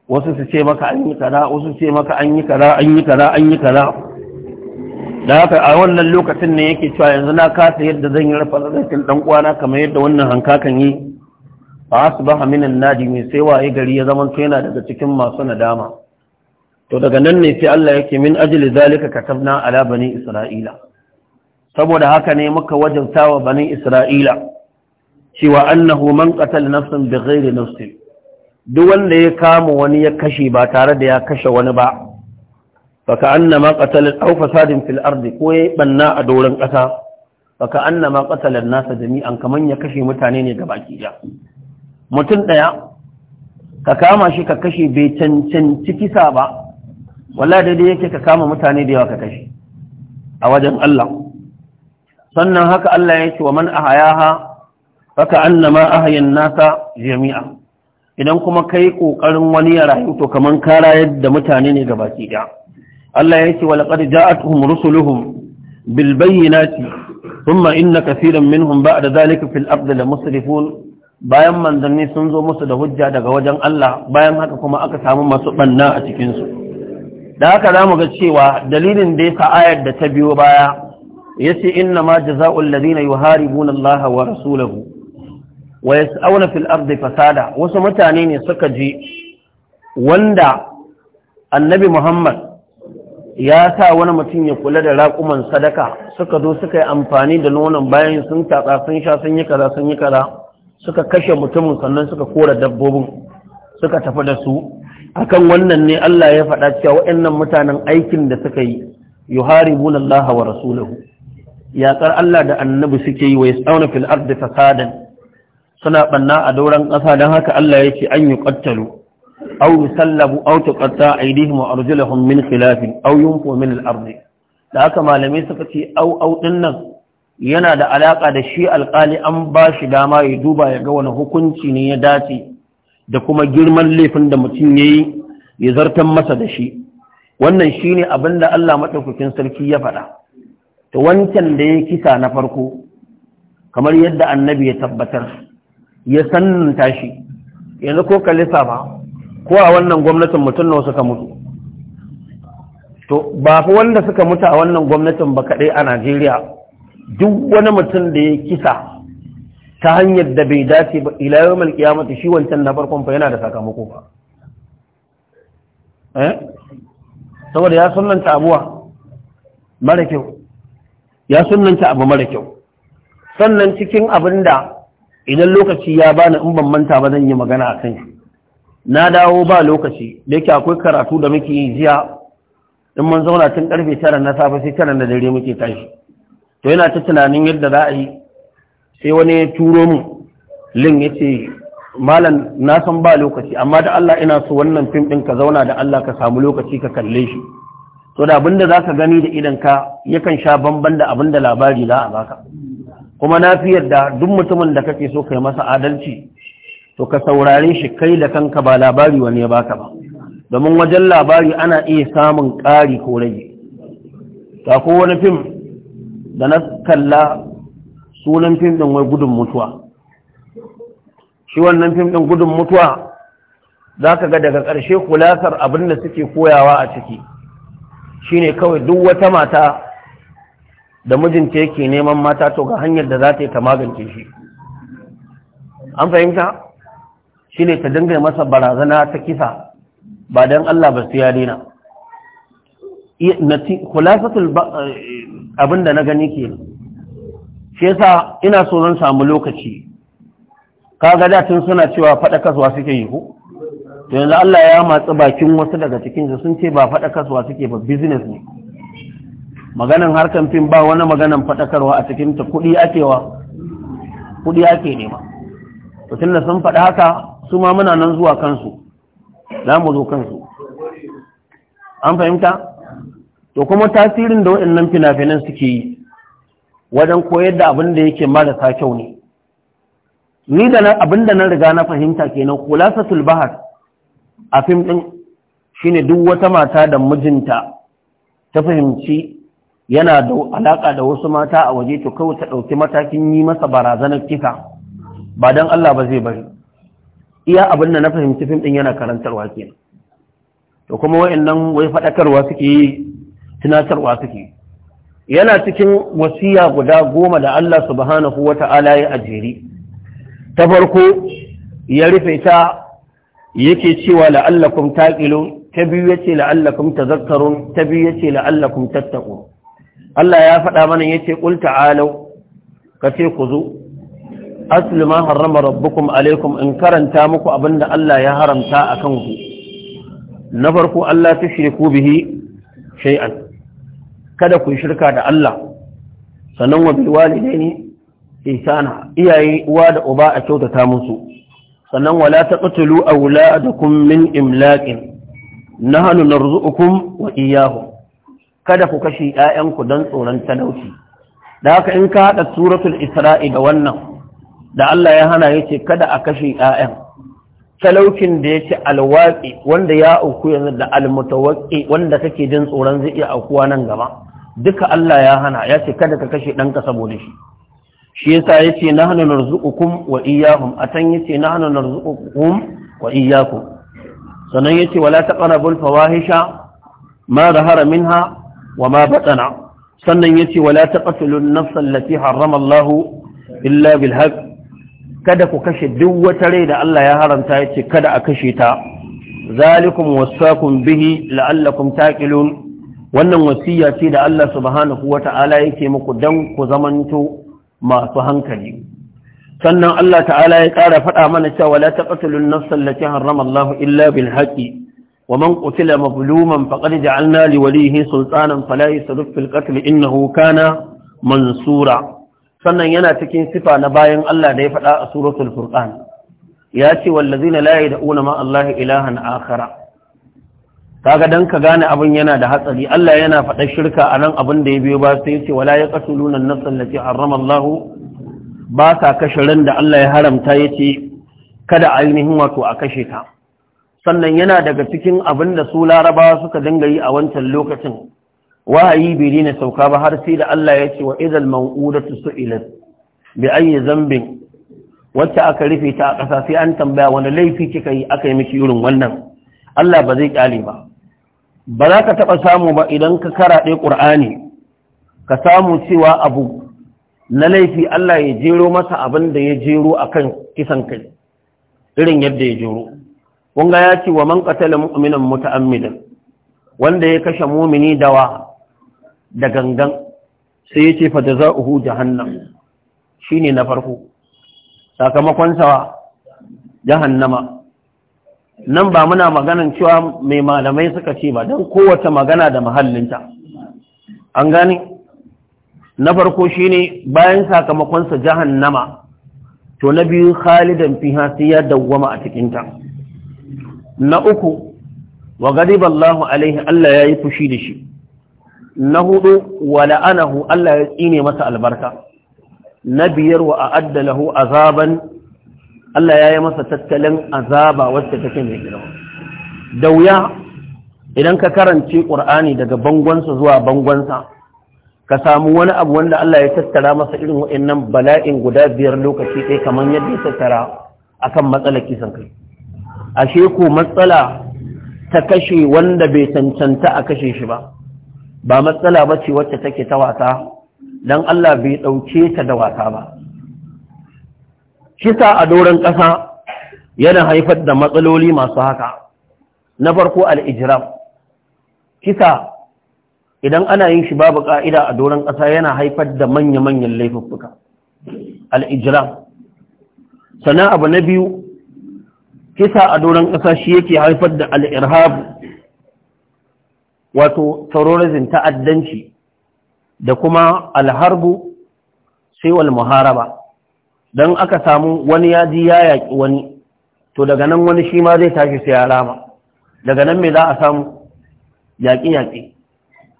wasu su ce maka an yi kaza wasu su ce maka an yi kaza an yi kaza an yi kaza da haka a wannan lokacin ne yake cewa yanzu na kasa yadda zan yi rafa zarafin dan uwana kamar yadda wannan kan yi fa na minan mai sai waye gari ya zama yana daga cikin masu nadama to daga nan ne sai Allah yake min ajli zalika katabna ala bani isra'ila saboda haka ne muka wajabta wa bani isra'ila cewa annahu man qatala nafsan bighairi nafsin duk wanda ya kama wani ya kashe ba tare da ya kashe wani ba faka annama qatala aw fasadin fil ardi ko ya banna a doron kasa faka annama qatala nasa jami'an kaman ya kashe mutane ne baki ki mutum daya ka kama shi ka kashe bai cancanci kisa ba wallahi daidai yake ka kama mutane da yawa ka kashe a wajen Allah sannan haka Allah ya ce wa man ahayaha haka annama ahayan nasa jami'a idan kuma kai kokarin wani ya rayu to kaman ka rayar da mutane ne ga baki da Allah ya ce wa laqad ja'atuhum rusuluhum bil bayyinati thumma inna kaseeran minhum ba'da zalika fil ardi lamusrifun bayan manzanni sun zo musu da hujja daga wajen Allah bayan haka kuma aka samu masu banna a cikin su da haka za mu ga cewa dalilin da ya sa ayar da ta biyo baya Ya ce inna ma jazaa'ul ladina yuharibuna Allah wa rasulahu wa yas'awna fil ardi fasada wasu mutane ne suka ji wanda annabi Muhammad ya sa wani mutum ya kula da raƙuman sadaka suka zo suka yi amfani da nonon bayan sun tatsa sun sha sun yi kaza sun yi kaza suka kashe mutumin sannan suka kora dabbobin suka tafi da su akan wannan ne Allah ya faɗa cewa waɗannan mutanen aikin da suka yi yuharibuna Allah wa rasulahu yaƙar Allah da annabi suke yi wa yasauna fil ardi fasadan suna banna a dauran ƙasa don haka Allah ya ce an yi qattalu aw yusallabu aw tuqatta aydihim wa arjuluhum min khilaf aw yunfu min al ardi da haka malamai suka ce au au din nan yana da alaka da shi alƙali an ba shi dama ya duba ya ga wani hukunci ne ya dace da kuma girman laifin da mutum yayi ya zartan masa da shi wannan shine abin da Allah madaukakin sarki ya faɗa to wancan da ya kisa na farko kamar yadda annabi ya tabbatar ya sannanta shi yanzu ko kalisa ba ko a wannan gwamnatin mutum wasu suka mutu to ba fi wanda suka mutu a wannan gwamnatin ba kaɗai a najeriya duk wani mutum da ya kisa ta hanyar da bai dace ba ila yau mal kiyamata shi wancan na farkon fa yana da sakamako ba eh? saboda ya sunanta abuwa mara kyau ya sunanta abu mara kyau sannan cikin abin da idan lokaci ya bani in ban manta ba zan yi magana a kan shi na dawo ba lokaci da yake akwai karatu da muke yi jiya in mun zauna tun karfe tara na safe sai tara da dare muke tashi to yana ta tunanin yadda za a yi sai wani ya turo mu lin ya ce malam na san ba lokaci amma da Allah ina so wannan fim ɗin ka zauna da Allah ka samu lokaci ka kalle shi so da abin za zaka gani da idan ka yakan sha bamban da abin da labari za a baka kuma na fi yarda duk mutumin da kake so kai masa adalci to ka saurare shi kai da kanka ba labari wani ya baka ba domin wajen labari ana iya samun ƙari ko rage ta ko wani fim da na kalla sunan fim ɗin wai gudun mutuwa shi wannan fim ɗin gudun mutuwa za ka ga daga ƙarshe kulasar abin da suke koyawa a ciki shine kawai duk wata mata da mijinta yake neman mata to ga hanyar da za ta yi ta magance shi an fahimta shine ta dinga masa barazana ta kisa ba don Allah ba su ya daina kulasatul eh, abinda na gani ke shi yasa ina so zan samu lokaci ka da tun suna cewa faɗa kasuwa suke yi ko to yanzu Allah ya matsa bakin wasu daga cikinsu sun ce ba faɗakarwa suke ba business ne maganan harkan fim ba wani maganan faɗakarwa a cikinta kuɗi akewa kuɗi ake nema to tunda sun faɗi haka su ma muna nan zuwa kansu za mu zo kansu an fahimta to kuma tasirin da waɗannan fina-finan suke yi wajen koyar da abin da yake marasa kyau ne ni da abin da na riga na fahimta kenan kulasatul bahar a fim ɗin shi ne duk wata mata da mijinta ta fahimci yana da alaƙa da wasu mata a waje to kawai ta ɗauki matakin yi masa barazanar kisa ba don Allah ba zai bari iya abin da na fahimci fim ɗin yana karantarwa ke to kuma wa'annan wai faɗakarwa suke yi tunatarwa suke yana cikin wasiya guda goma da Allah subhanahu wa ta'ala ya ajiri ta farko ya rufe ta yake cewa la'allakum taqilun ta biyu yace la'allakum tadhakkarun ta biyu yace la'allakum tattaqun Allah ya faɗa mana yace qul ta'alu ce ku zo aslu ma harrama rabbukum alaikum in karanta muku abinda Allah ya haramta akan ku na farko Allah shirku bihi shay'an kada ku shirka da Allah sannan wa bil walidaini ihsana iyaye uwa da uba a kyautata musu sannan wala taqtulu awladakum min imlaqin nahnu narzuqukum wa iyyahum kada ku kashe 'ya'yanku dan tsoron talauci da haka in ka hada suratul isra'i da wannan da Allah ya hana yace kada a kashe ƴaƴan talaucin da yake alwaqi wanda ya auku yanzu da almutawaqqi wanda kake jin tsoron zai iya aukuwa nan gaba duka Allah ya hana yace kada ka kashe ɗanka saboda shi shi yasa yace nahnu narzuqukum wa iyyahum atan yace nahnu narzuqukum wa iyyakum sannan yace wala taqrabul fawahisha ma zahara minha wa ma batana sannan yace wala taqtulun nafsa allati harrama Allah illa bil haqq kada ku kashe duk wata rai da Allah ya haramta yace kada a kashe ta zalikum wasaqum bihi la'allakum taqilun wannan wasiya ce da Allah subhanahu wata'ala yake muku dan ku zamanto masu hankali sannan Allah ta'ala ya ƙara faɗa mana cewa la taqtulun nafsan allati harrama Allah illa bil haqqi ومن قتل مظلوما فقد جعلنا لوليه سلطانا فلا يسرف في القتل إنه kana mansura sannan yana cikin sifa na bayan Allah da ya faɗa a suratul furqan ya ce wallazina la yad'una ma Allah ilahan akhara kaga dan ka gane abin yana da hatsari Allah yana faɗa shirka a nan abin da ya biyo ba sai yace wala yaqtuluna an-nafs allati harrama Allah ba kashe ran da Allah ya haramta yace kada ainihin wato a kashe ta sannan yana daga cikin abin da su larabawa suka dinga yi a wancan lokacin wahayi bai dina sauka ba har sai da Allah ya ce wa idal maw'udatu su'ilat bi ayyi zambin wacce aka rufe ta a ƙasa sai an tambaya wani laifi kika yi aka yi miki irin wannan Allah ba zai kyale ba ba za ka taɓa samu ba idan ka karaɗe ƙur'ani ka samu cewa abu na laifi Allah ya jero masa abin da ya jero a kan kisan kai irin yadda ya jero Kunga ya ce wa man qatala mu'minan muta'ammidan wanda ya kashe mumini dawa da gangan sai ya ce za uhu jahannam ne na farko sakamakon sa jahannama nan ba muna maganan cewa mai malamai suka ce ba don kowace magana da mahallinta an gane na farko shine bayan sakamakonsa nama, to na biyu khalidan fiha sai ya dawwama a cikinta na uku wa ghadiba Allahu alaihi Allah ya yi fushi da shi na hudu wa la'anahu Allah ya tsine masa albarka na biyar wa a'adda lahu azaban Allah ya yi masa tattalin azaba wacce take mai girma da wuya idan ka karance ƙur'ani daga bangonsa zuwa bangonsa ka samu wani abu wanda Allah ya tattara masa irin wa'annan bala'in guda biyar lokaci ɗaya kamar yadda ya tattara akan matsalar kisan kai ashe ko matsala ta kashe wanda bai cancanta a kashe shi ba ba matsala ba ce wacce take ta wasa don Allah bai ɗauke ta da wasa ba Kisa a doron ƙasa yana haifar da matsaloli masu haka na farko al'ijiram kisa idan ana yin shi babu ƙa'ida a doron ƙasa yana haifar da manya-manyan laifuffuka al'ijiram sannan abu na biyu kisa a doron ƙasa shi yake haifar da al'irhab wato terrorism ta'addanci da kuma alharbu sai wal muharaba don aka samu wani ya ji ya yaƙi wani to daga nan wani shi ma zai tashi sai ya rama daga nan mai za a samu yaƙi-yaƙi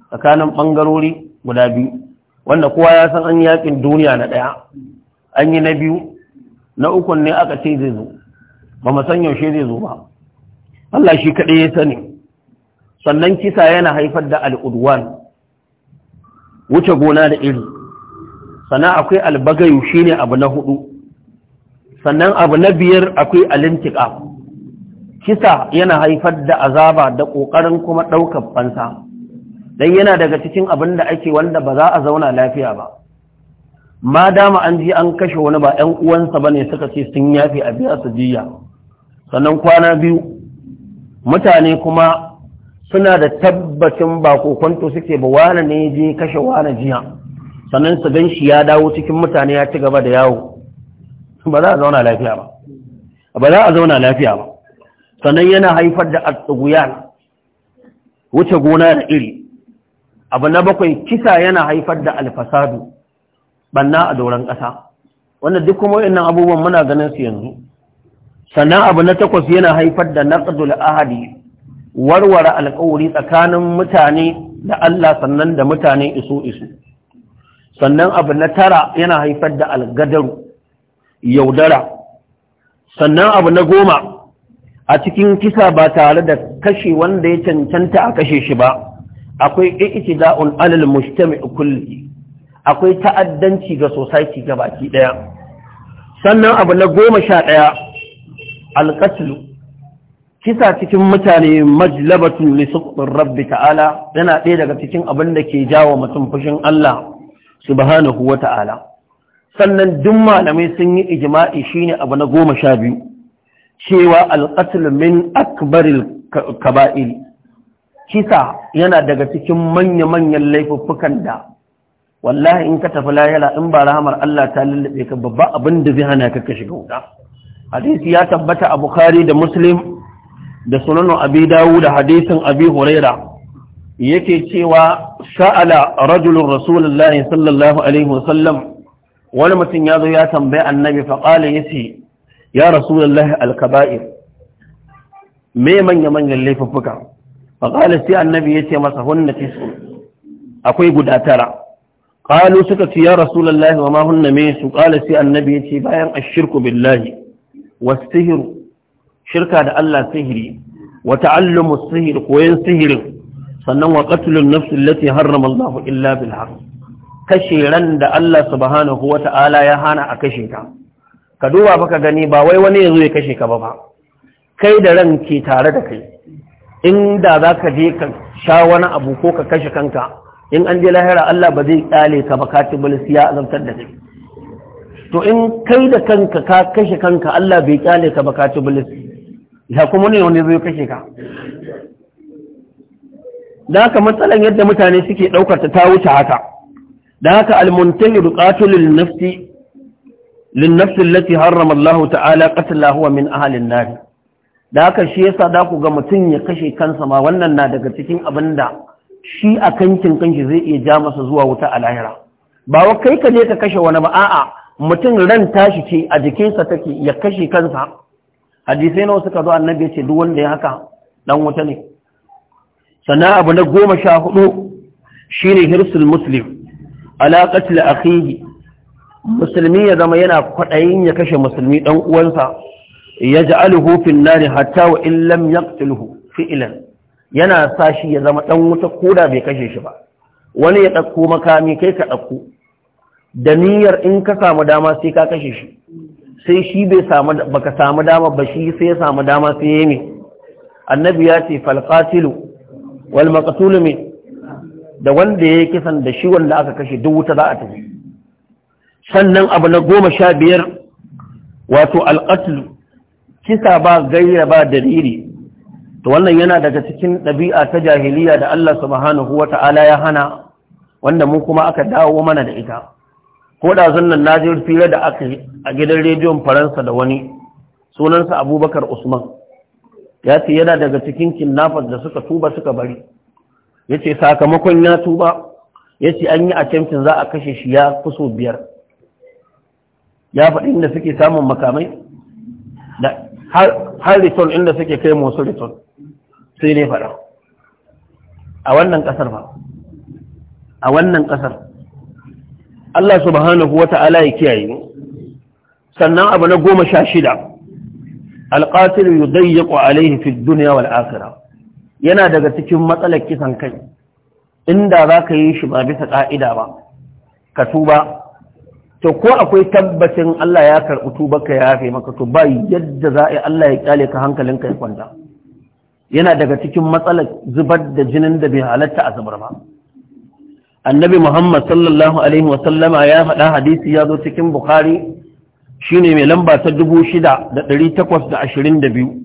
tsakanin ɓangarori guda biyu wanda kowa ya san an yaƙin duniya na ɗaya an yi na biyu na ukun ne aka ce zai zo ba mu san yaushe zai zo ba Allah shi kaɗai ya sani sannan kisa yana haifar da al'udwan wuce gona da iri sannan akwai albagayu shine abu na hudu sannan abu na biyar akwai alintika kisa yana haifar da azaba da ƙoƙarin kuma ɗaukar fansa don yana daga cikin abin da ake wanda ba za a zauna lafiya ba ma dama an ji an kashe wani ba 'yan uwansa ba ne suka ce sun yafi a biya su jiya sannan kwana biyu mutane kuma suna da tabbacin ba kokonto suke ba wane ne je kashe wane jiya sannan su gan shi ya dawo cikin mutane ya ci gaba da yawo ba za a zauna lafiya ba ba za a zauna lafiya ba sannan yana haifar da atsuguyan wuce gona da iri abu na bakwai kisa yana haifar da alfasadu banna a doron ƙasa wanda duk kuma wayannan abubuwan muna ganin su yanzu sannan abu na takwas yana haifar da naqdul ahadi warware alƙawari tsakanin mutane da Allah sannan da mutane iso iso sannan abu na tara yana haifar da algadaru yaudara sannan abu na goma a cikin kisa ba tare da kashe wanda ya cancanta a kashe shi ba akwai da'un alal mustami kulli akwai ta'addanci ga society baki daya sannan abu na goma sha daya alqatlu kisa cikin mutane majlabatun li suqur rabbi ta'ala yana ɗaya daga cikin abin da ke jawo mutum fushin Allah subhanahu wa ta'ala sannan duk malamai sun yi ijma'i shine abu na goma sha biyu cewa alƙasar min akbaril kaba'il kisa yana daga cikin manya-manyan laifuffukan da wallahi in ka tafi layala in ba rahamar Allah ta lullube ka babba abin da zai hana ka ka shiga wuta hadisi ya tabbata a bukhari da muslim da sunan abi dawu da hadisin abi huraira yake cewa sa'ala rajulun rasulullahi sallallahu alaihi wasallam wani mutum ya zo ya tambayi annabi faƙala ya ce ya rasulullahi alkaba'ir me manya-manyan laifuffuka faƙala sai annabi ya ce masa hunna tisu akwai guda tara ƙalu suka ce ya rasulullahi wa ma hunna me su ƙala sai annabi ya ce bayan ashirku billahi wa sihiru shirka da Allah sihiri wa ta'allumu sihir koyon sihirin sannan wa qatlun nafs allati harrama Allah illa bil haqq kashe ran da Allah subhanahu wata'ala ya hana a kashe ka ka duba baka gani ba wai wani yazo ya kashe ka ba ba kai da ran ke tare da kai in da za ka je ka sha wani abu ko ka kashe kanka in an je lahira Allah ba zai kyale ka ba ka ci balisiya azantar da kai to in kai da kanka ka kashe kanka Allah bai kyale ka ba ka ci bilis ya kuma ne wani zai kashe ka da haka matsalan yadda mutane suke ɗaukar ta wuce haka da haka almuntahi ruqatu lil linnafsi lati Allah ta'ala qatla huwa min ahalin nari da haka shi yasa da ku ga mutum ya kashe kansa ma wannan na daga cikin abinda shi a kankin kanshi zai iya ja masa zuwa wuta a lahira ba wa kai ka je ka kashe wani ba a'a mutum ran tashi ce a jikinsa take ya kashe kansa hadisai nawa suka zo annabi ya ce duk wanda ya haka dan wuta ne sannan abu na goma sha hudu shi ne hirsul muslim alaƙatul akhihi musulmi ya zama yana kwaɗayin ya kashe musulmi ɗan uwansa ya ji alhu na nari hatta wa illam ya fi'ilan yana sa shi ya zama ɗan wuta koda bai kashe shi ba wani ya ɗauko makami kai ka ɗauko da niyyar in ka samu dama sai ka kashe shi sai shi bai samu baka samu dama ba shi sai ya samu dama sai ya yi annabi ya ce falƙatilu wal maqtul da wanda yayi kisan da shi wanda aka kashe duk wuta za a tafi sannan abu na goma sha biyar wato alqatl kisa ba gaira ba dalili to wannan yana daga cikin ɗabi'a ta jahiliya da Allah subhanahu wata'ala ya hana wanda mu kuma aka dawo mana da ita ko da zannan na je fira da aka a gidan rediyon Faransa da wani sunansa Abubakar Usman ya ce yana daga cikin kinnafas da suka tuba suka bari ya ce sakamakon ya tuba ya ce an yi a camcin za a kashe shi ya kuso biyar ya faɗi inda suke samun makamai da har return inda suke kai masu return sai ne faɗa a wannan ƙasar ba a wannan ƙasar Allah subhanahu wa ta'ala ya kiyaye sannan abu na goma sha shida alƙatil yudayyiqu alaihi fi duniya wal akira yana daga cikin matsalar kisan kai inda za ka yi shi ba bisa ƙa'ida ba ka tuba to ko akwai tabbacin Allah ya karɓi tuba ya yafe maka to ba yadda za a Allah ya kyale ka ka ya kwanta yana daga cikin matsalar zubar da jinin da bai halatta a zubar ba annabi muhammad sallallahu alaihi wa sallama ya faɗa hadisi ya zo cikin bukhari shine mai lamba ta dubu shida da ɗari takwas da ashirin da biyu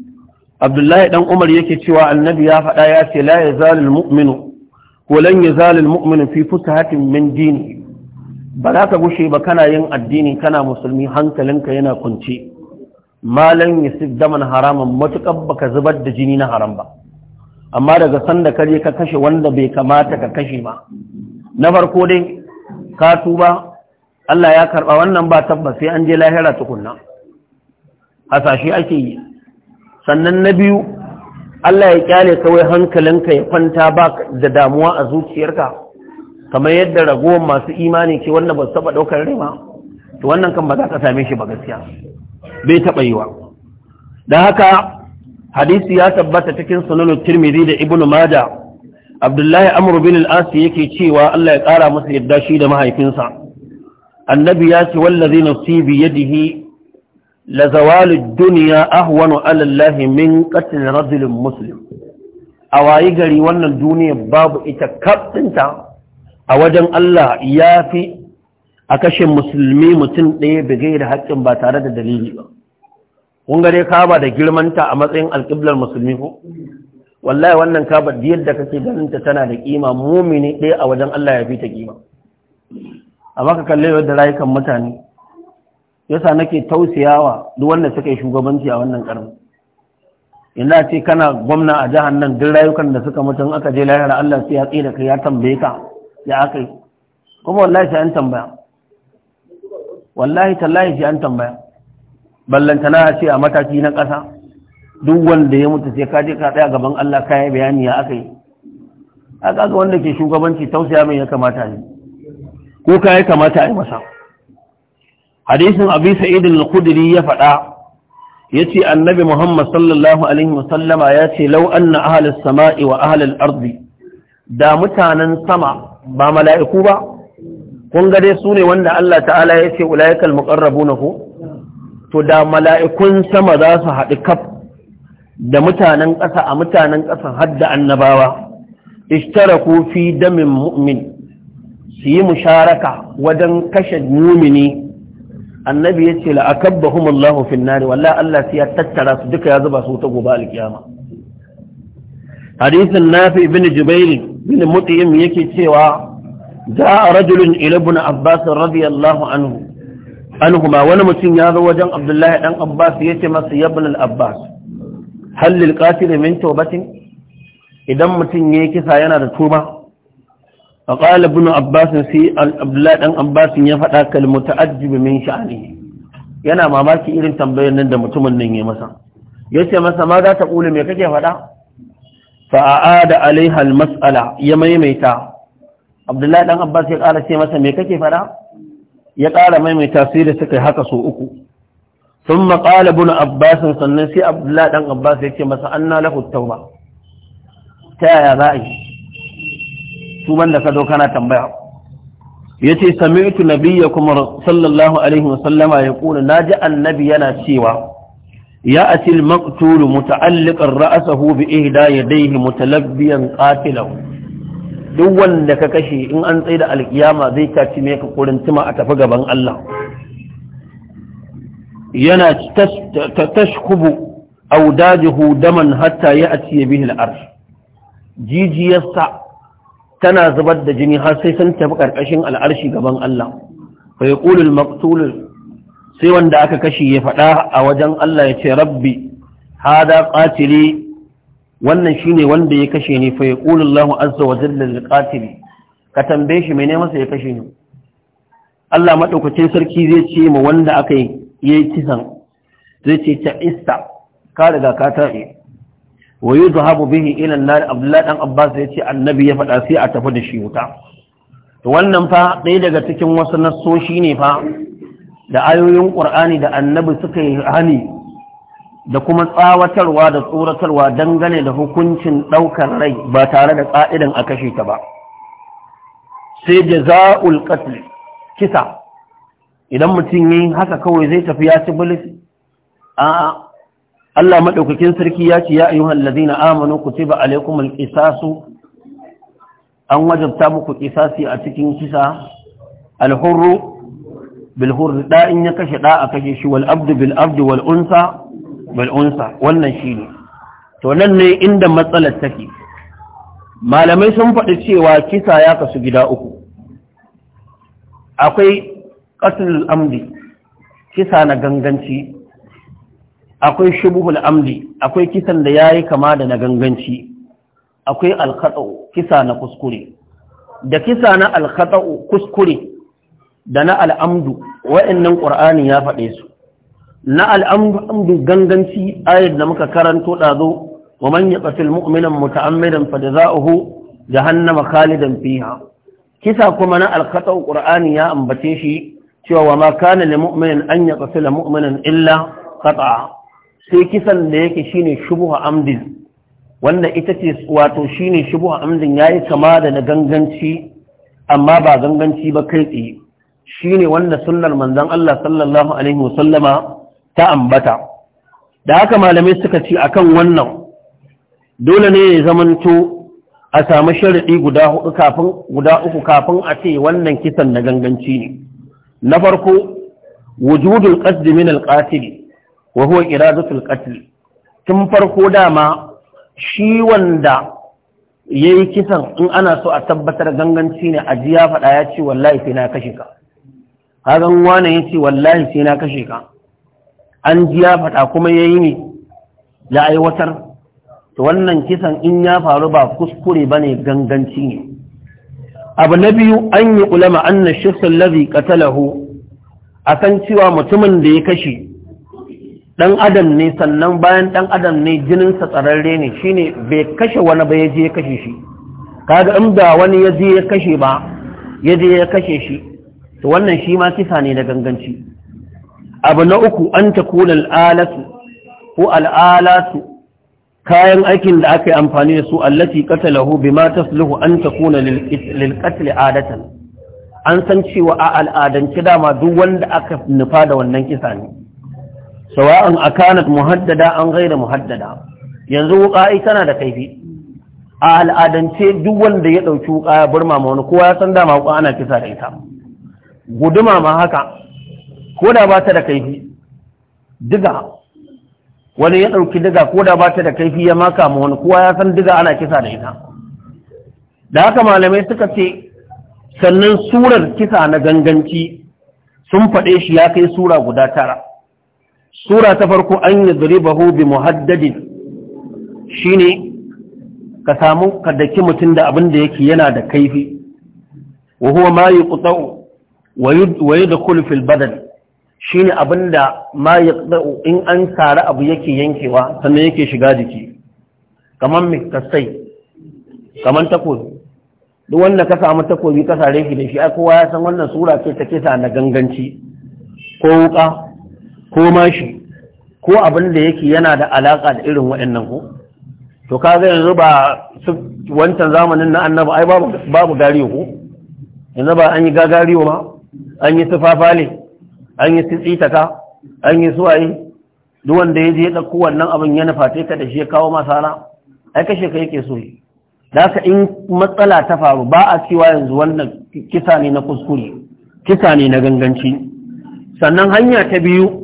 abdullahi dan umar yake cewa annabi ya faɗa ya ce la ya zalil mu'minu ko ya zalil mu'minu fi fusahatin min dini ba za ka gushe ba kana yin addini kana musulmi hankalinka yana kunce malan ya sif daman haramun matuƙar baka zubar da jini na haram ba amma daga sanda kare ka kashe wanda bai kamata ka kashe ba na farko dai ka tuba Allah ya karɓa wannan ba tabbas sai an je lahira tukunna hasashe ake yi sannan na biyu Allah ya kyale kawai hankalinka ya kwanta ba da damuwa a zuciyarka kamar yadda ragowar masu imani ke wannan ba su taɓa ɗaukar rima to wannan kan ba za ka same shi ba gaskiya bai taɓa yiwa Da haka hadisi ya tabbata cikin sunan tirmidhi da ibnu maja abdullahi amr bin al-asi yake cewa Allah ya ƙara masa yadda shi da mahaifinsa annabi ya ce wallazi nafsi bi yadihi la zawal ad-dunya ahwanu ala Allah min qatl rajul muslim a gari wannan duniya babu ita kafinta a wajen Allah ya fi a kashe musulmi mutum ɗaya bigai da haƙƙin ba tare da dalili ba kun gare kaba da girmanta a matsayin alƙiblar musulmi ko wallahi wannan kaba yadda kake ganin tana da kima mumini ɗaya a wajen Allah ya fi ta kima amma ka kalle yadda rayukan mutane yasa nake tausiyawa duk wanda suka yi shugabanci a wannan karni ina ce kana gwamna a jihar nan duk rayukan da suka mutum aka je lahira Allah sai ya tsira kai ya tambaye ka ya akai kuma wallahi sai an tambaya wallahi tallahi sai an tambaya ballantana ce a mataki na ƙasa duk wanda ya mutu sai ka je ka tsaya gaban Allah ka yi bayani ya akai aka ga wanda ke shugabanci tausaya mai ya kamata ne ka ya kamata a yi masa hadisin abi sa'id al-khudri ya faɗa yace annabi muhammad sallallahu alaihi wasallama ya ce law anna samai wa ahli arzi da mutanen sama ba mala'iku ba kun ga dai sune wanda Allah ta'ala ya ce ulaikal na ko to da mala'ikun sama za su haɗu kaf da mutanen ƙasa a mutanen har hadda annabawa ku fi damin mu'min su yi musharaka wajen kashe mumini annabi ya ce la'akabbahum Allah fin nari Allah sai ya tattara su duka ya zuba su ta gobe alkiyama hadisin nafi ibn jubair bin mut'im yake cewa ja'a rajulun ila ibn abbas radiyallahu anhu anhuma wani mutum ya zo wajen abdullahi dan abbas yace masa ya ibn abbas hal lil qatil min tawbatin idan mutum yayi kisa yana da tuba فقال ابن عباس في عبد الله بن عباس ya faɗa kal muta'ajjib min sha'ani yana mamaki irin tambayar nan da mutumin nan ya masa yace masa ma za ta kula me kake faɗa fa aada alaiha almas'ala mas'ala ya maimaita Abdullahi dan Abbas ya ƙara ce masa me kake faɗa ya ƙara maimaita sai da suka haka so uku thumma qala ibn abbas sannan sai Abdullahi dan Abbas ya ce masa anna lahu tauba ta ya za'i su banda ka zo kana tambaya yace sami'tu nabiyyakum sallallahu alaihi wa sallama na naji annabi yana cewa ya atil maqtul muta'alliqan ra'sahu bi ihda yadayhi mutalabbiyan qatilahu duk wanda ka kashe in an tsaye da alkiyama zai ci me ka kurintima a tafi gaban Allah yana tashkubu audajihu daman hatta ya atiye bihi al-arsh jijiyarsa tana zubar da jini har sai sun tafi ƙarƙashin al'arshi gaban Allah fa yaqulu al sai wanda aka kashe ya faɗa a wajen Allah ya ce rabbi hada ƙatili wannan shine wanda ya kashe ni fa yaqulu Allahu azza wa jalla lil ƙatili, ka tambaye shi mene masa ya kashe ni Allah maɗaukacin sarki zai ce ma wanda aka yi kisan zai ce ta ista ka riga ka ta'i wa Habu bihi inan na nar Abdullah dan Abbas ce annabi ya faɗa sai a tafi da shi wuta to wannan fa ɗaya daga cikin wasu nassoshi ne fa da ayoyin ƙur'ani da annabi suka yi hani da kuma tsawatarwa da tsoratarwa dangane da hukuncin ɗaukar rai ba tare da ƙa'idan a kashe ta ba sai jaza'ul qatl kisa idan mutum yi haka kawai zai tafi ya ci bilis a Allah maɗaukakin sarki ya ce ya ayyuhal lAzina, amanu kutiba alaykumul qisasu an wajabta muku ƙisasi a cikin kisa al-hurru bil ya kashe da a kashe shi wal abdu bil abdu wal unsa bil unsa wannan shine to nan ne inda matsalar take malamai sun faɗi cewa kisa ya kasu gida uku akwai qatlul amdi kisa na ganganci akwai shubuhul amdi akwai kisan da yayi kama da na ganganci akwai alkhata'u kisa na kuskure da kisa na alkhata'u kuskure da na al'amdu wa'annan ƙur'ani ya faɗe su na al'amdu ganganci ayat da muka karanto ɗazo wa man yaqtil mu'minan muta'ammidan fajza'uhu jahannama khalidan fiha kisa kuma na alkhata'u ƙur'ani ya ambace shi cewa wa ma kana lil mu'minin an yaqtila mu'minan illa khata'a sai kisan da yake shine shubuha amdin wanda ita ce wato shine shubuha amdin yi kama da na ganganci amma ba ganganci ba kai tsaye shine wanda sunnar manzon Allah sallallahu alaihi wasallama ta ambata da haka malamai suka ce akan wannan dole ne ya zamanto a sami sharadi guda guda uku kafin a ce wannan kisan na ganganci ne na farko wujudul qasd min al-qatil wa huwa iradatul qatl tun farko dama shi wanda yayi kisan in ana so a tabbatar ganganci ne a jiya ya faɗa ya ce wallahi sai na kashe ka hagan wani ya ce wallahi sai na kashe ka an jiya faɗa kuma yayi ne ya aiwatar to wannan kisan in ya faru ba kuskure bane ganganci ne abu na biyu an yi ulama anna shakhs allazi akan cewa mutumin da ya kashe Ɗan adam ne sannan bayan ɗan adam ne jininsa tsararre ne shine bai kashe wani ba ya je ya kashe shi kaga in ba wani ya je ya kashe ba ya je ya kashe shi to wannan shi ma kisa ne da ganganci abu na uku an ta kula al'alatu ko al'alatu kayan aikin da aka yi amfani da su allati qatalahu bima tasluhu an takuna lil qatl adatan an san cewa a al'adance dama duk wanda aka nufa da wannan kisa ne sawa'an akanat muhaddada an gaira muhaddada yanzu wuka tana da kaifi a al'adance duk wanda ya ɗauki wuƙa ya burma ma wani kowa ya san dama wuka ana kisa da ita guduma ma haka ko da ba ta da kaifi diga wani ya ɗauki diga ko da ba ta da kaifi ya maka ma wani kowa ya san diga ana kisa da ita da haka malamai suka ce sannan surar kisa na ganganci sun faɗe shi ya kai sura guda tara sura ta farko an yi zuribahu bi muhaddadin ne ka samu ka daki mutum da abin da yake yana da kaifi wa huwa ma kutsau wa kulfil badal badan ne abin da ma yuqta'u in an tsara abu yake yankewa sannan yake shiga jiki kamar mai kasai Kamar takobi duk wanda ka samu takobi ka sare shi da shi ai kowa ya san wannan sura ce ta kisa na ganganci ko wuka ko mashi ko abin da yake yana da alaƙa da irin waɗannan ko to ka ga yanzu ba su wancan zamanin na annaba ai babu gariyo ko yanzu ba an yi gagariyo ma an yi tufafale an yi tsitaka, an yi suwaye duk wanda ya je ya ɗauko wannan abin ya nufa ka da shi ya kawo masana ai kashe ka yake so da haka in matsala ta faru ba a cewa yanzu wannan kisa ne na kuskure kisa ne na ganganci sannan hanya ta biyu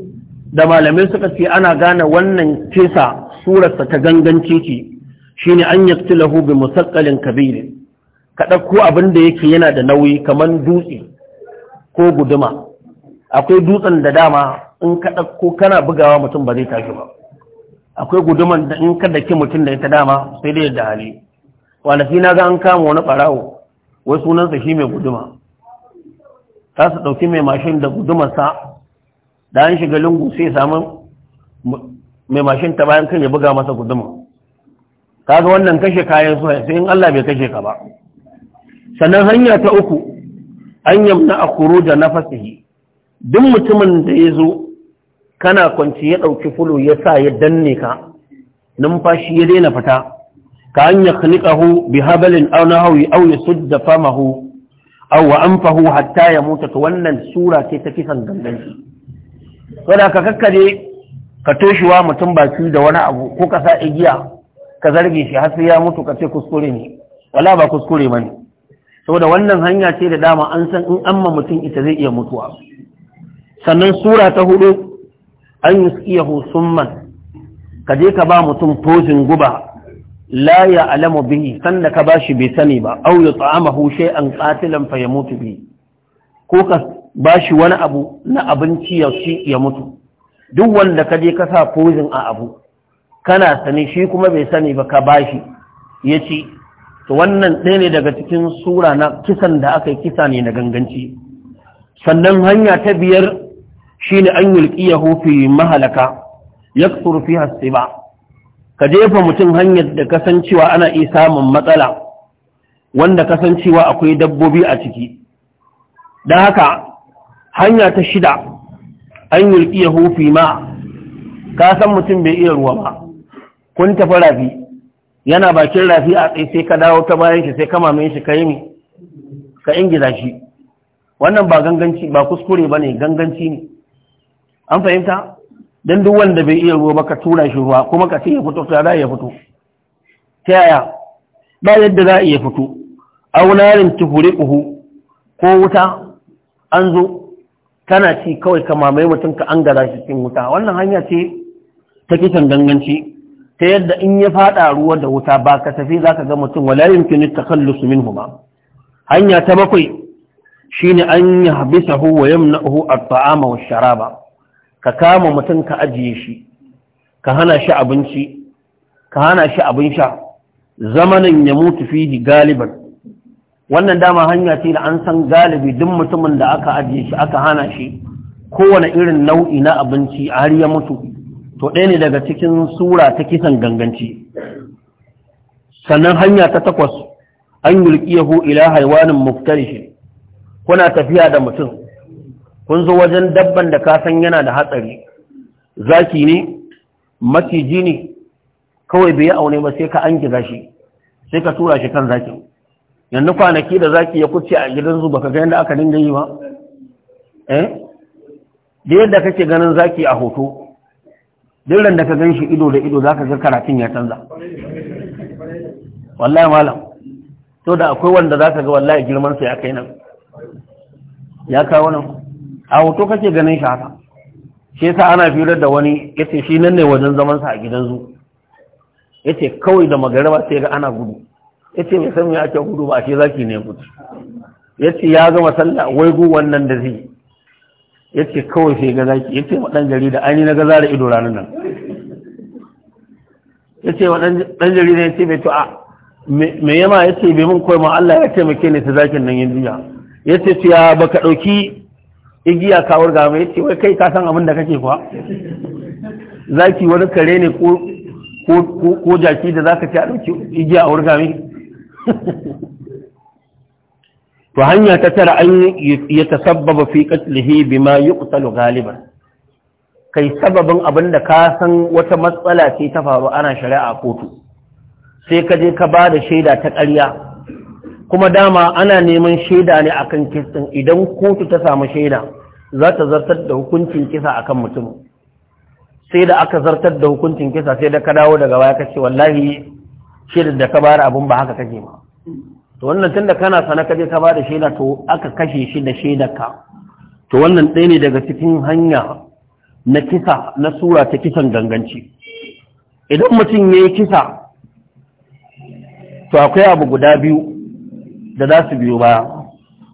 da malamai suka ce ana gane wannan tesa surarsa ta ganganci ce ne an yi bi musakkalin kabiri ka ɗauko abin da yake yana da nauyi kamar dutse ko guduma akwai dutsen da dama in ka ɗauko kana bugawa mutum ba zai tashi ba akwai guduman da in ka daki mutum da ita dama sai dai da hali wanda fi na ga an kama wani ɓarawo wai sunansa shi mai guduma za su ɗauki mai mashin da gudumarsa da an shiga lungu sai samu mai mashin ta bayan kan ya buga masa guduma kaga wannan kashe kayan su sai in Allah bai kashe ka ba sannan hanya ta uku an na a kuru da nafasihi duk mutumin da ya zo kana kwanci ya ɗauki fulo ya sa ya danne ka numfashi ya daina fita ka an ya kaniƙahu bi habalin auna hauyi au ya da famahu au wa anfahu hatta ya mutu ta wannan sura ce ta kisan ganganci wadda ka kakkare ka toshewa mutum baki da wani abu ko ka sa igiya ka zarge shi har sai ya mutu ka ce kuskure ne wala ba kuskure ba ne saboda wannan hanya ce da dama an san in amma mutum ita zai iya mutuwa sannan sura ta hudu an yusqiyahu summan ka je ka ba mutum tozin guba la ya alamu bihi sanda ka bashi bai sani ba au ya tsa'amahu shay'an qatilan fa yamutu bihi ko ka ba shi wani abu na abinci ya shi ya mutu duk wanda ka je ka sa poison a abu kana sani shi kuma bai sani ba ka bashi ya ci to wannan ɗaya ne daga cikin sura na kisan da aka yi kisa ne na ganganci sannan hanya ta biyar shi shine an yulqiyahu fi mahalaka surfi haske ba. ka jefa mutum hanyar da kasancewa ana iya samun matsala wanda kasancewa akwai dabbobi a ciki don haka hanya ta shida an yi ya hufi ma ka san mutum bai iya ruwa ba kun tafi rafi yana bakin rafi a tsaye sai ka dawo ta bayan shi sai ka mame shi ka yi ka ingiza shi wannan ba ganganci ba kuskure ba ne ganganci ne an fahimta don duk wanda bai iya ruwa ba ka tura shi ruwa kuma ka ce ya fito ta ya fito ta yaya ba yadda za a iya fito A wunarin tuhuri ko wuta an zo kana ci kawai ka mamaye mutum ka an gara shi cikin wuta wannan hanya ce ta kisan ganganci ta yadda in ya faɗa ruwa da wuta ba ka tafi za ka ga mutum wala su takallus minhuma hanya ta bakwai shine an yahbisahu wa yamna'uhu at-ta'ama wa sharaba ka kama mutum ka ajiye shi ka hana shi abinci ka hana shi abin sha zamanin ya mutu fihi galiban wannan dama hanya ce da an san galibi duk mutumin da aka ajiye shi aka hana shi kowane irin nau'i na abinci a har ya mutu to ɗaya ne daga cikin sura ta kisan ganganci sannan hanya ta takwas an yulqiyahu ila haiwanin shi. kuna tafiya da mutum kun zo wajen dabban da ka san yana da hatsari zaki ne maciji ne kawai bai aune ba sai ka an shi sai ka tura shi kan zakin yanzu kwanaki da zaki ya kuce a gidan zuba ka yadda aka dinga yi ba eh da yadda kake ganin zaki a hoto duk da ka gan shi ido da ido zaka ga karatun ya canza wallahi malam to da akwai wanda zaka ga wallahi girman sa ya kai nan ya kawo nan a hoto kake ganin shi haka shi yasa ana firar da wani yace shi nan ne wajen zaman sa a gidan zu yace kawai da magariba sai ga ana gudu ya ce mai san ake gudu ba ce zaki ne gudu ya ce ya gama sallah wai gu wannan da zai ya ce kawai sai ga zaki ya ce ɗan jarida an yi na gaza da ido ranar nan ya ce ɗan jarida ya ce mai to a me yama ya ce bai mun koyi ma Allah ya taimake ni ta zakin nan yin jiya ya ce to ya baka ɗauki igiya kawar gama ya ce wai kai ka san abin da kake kuwa zaki wani kare ne ko jaki da zaka ci a ɗauki igiya a mai to hanya ta tara an ya tasabbaba fi qatlihi bima yuqtalu galiban kai sababin abin da ka san wata matsala ce ta faru ana shari'a kotu sai ka je ka ba da shaida ta ƙarya kuma dama ana neman shaida ne akan kisan idan kotu ta samu shaida za ta zartar da hukuncin kisa akan mutum sai da aka zartar da hukuncin kisa sai da ka dawo daga baya ka ce wallahi shirin da ka bada abun ba haka kake ba to wannan tunda kana sana je ka bada shaida to aka kashe shi da shaidar ka to wannan ɗaya ne daga cikin hanya na kisa na sura ta kisan ganganci idan mutum ya yi kisa to akwai abu guda biyu da za su biyo baya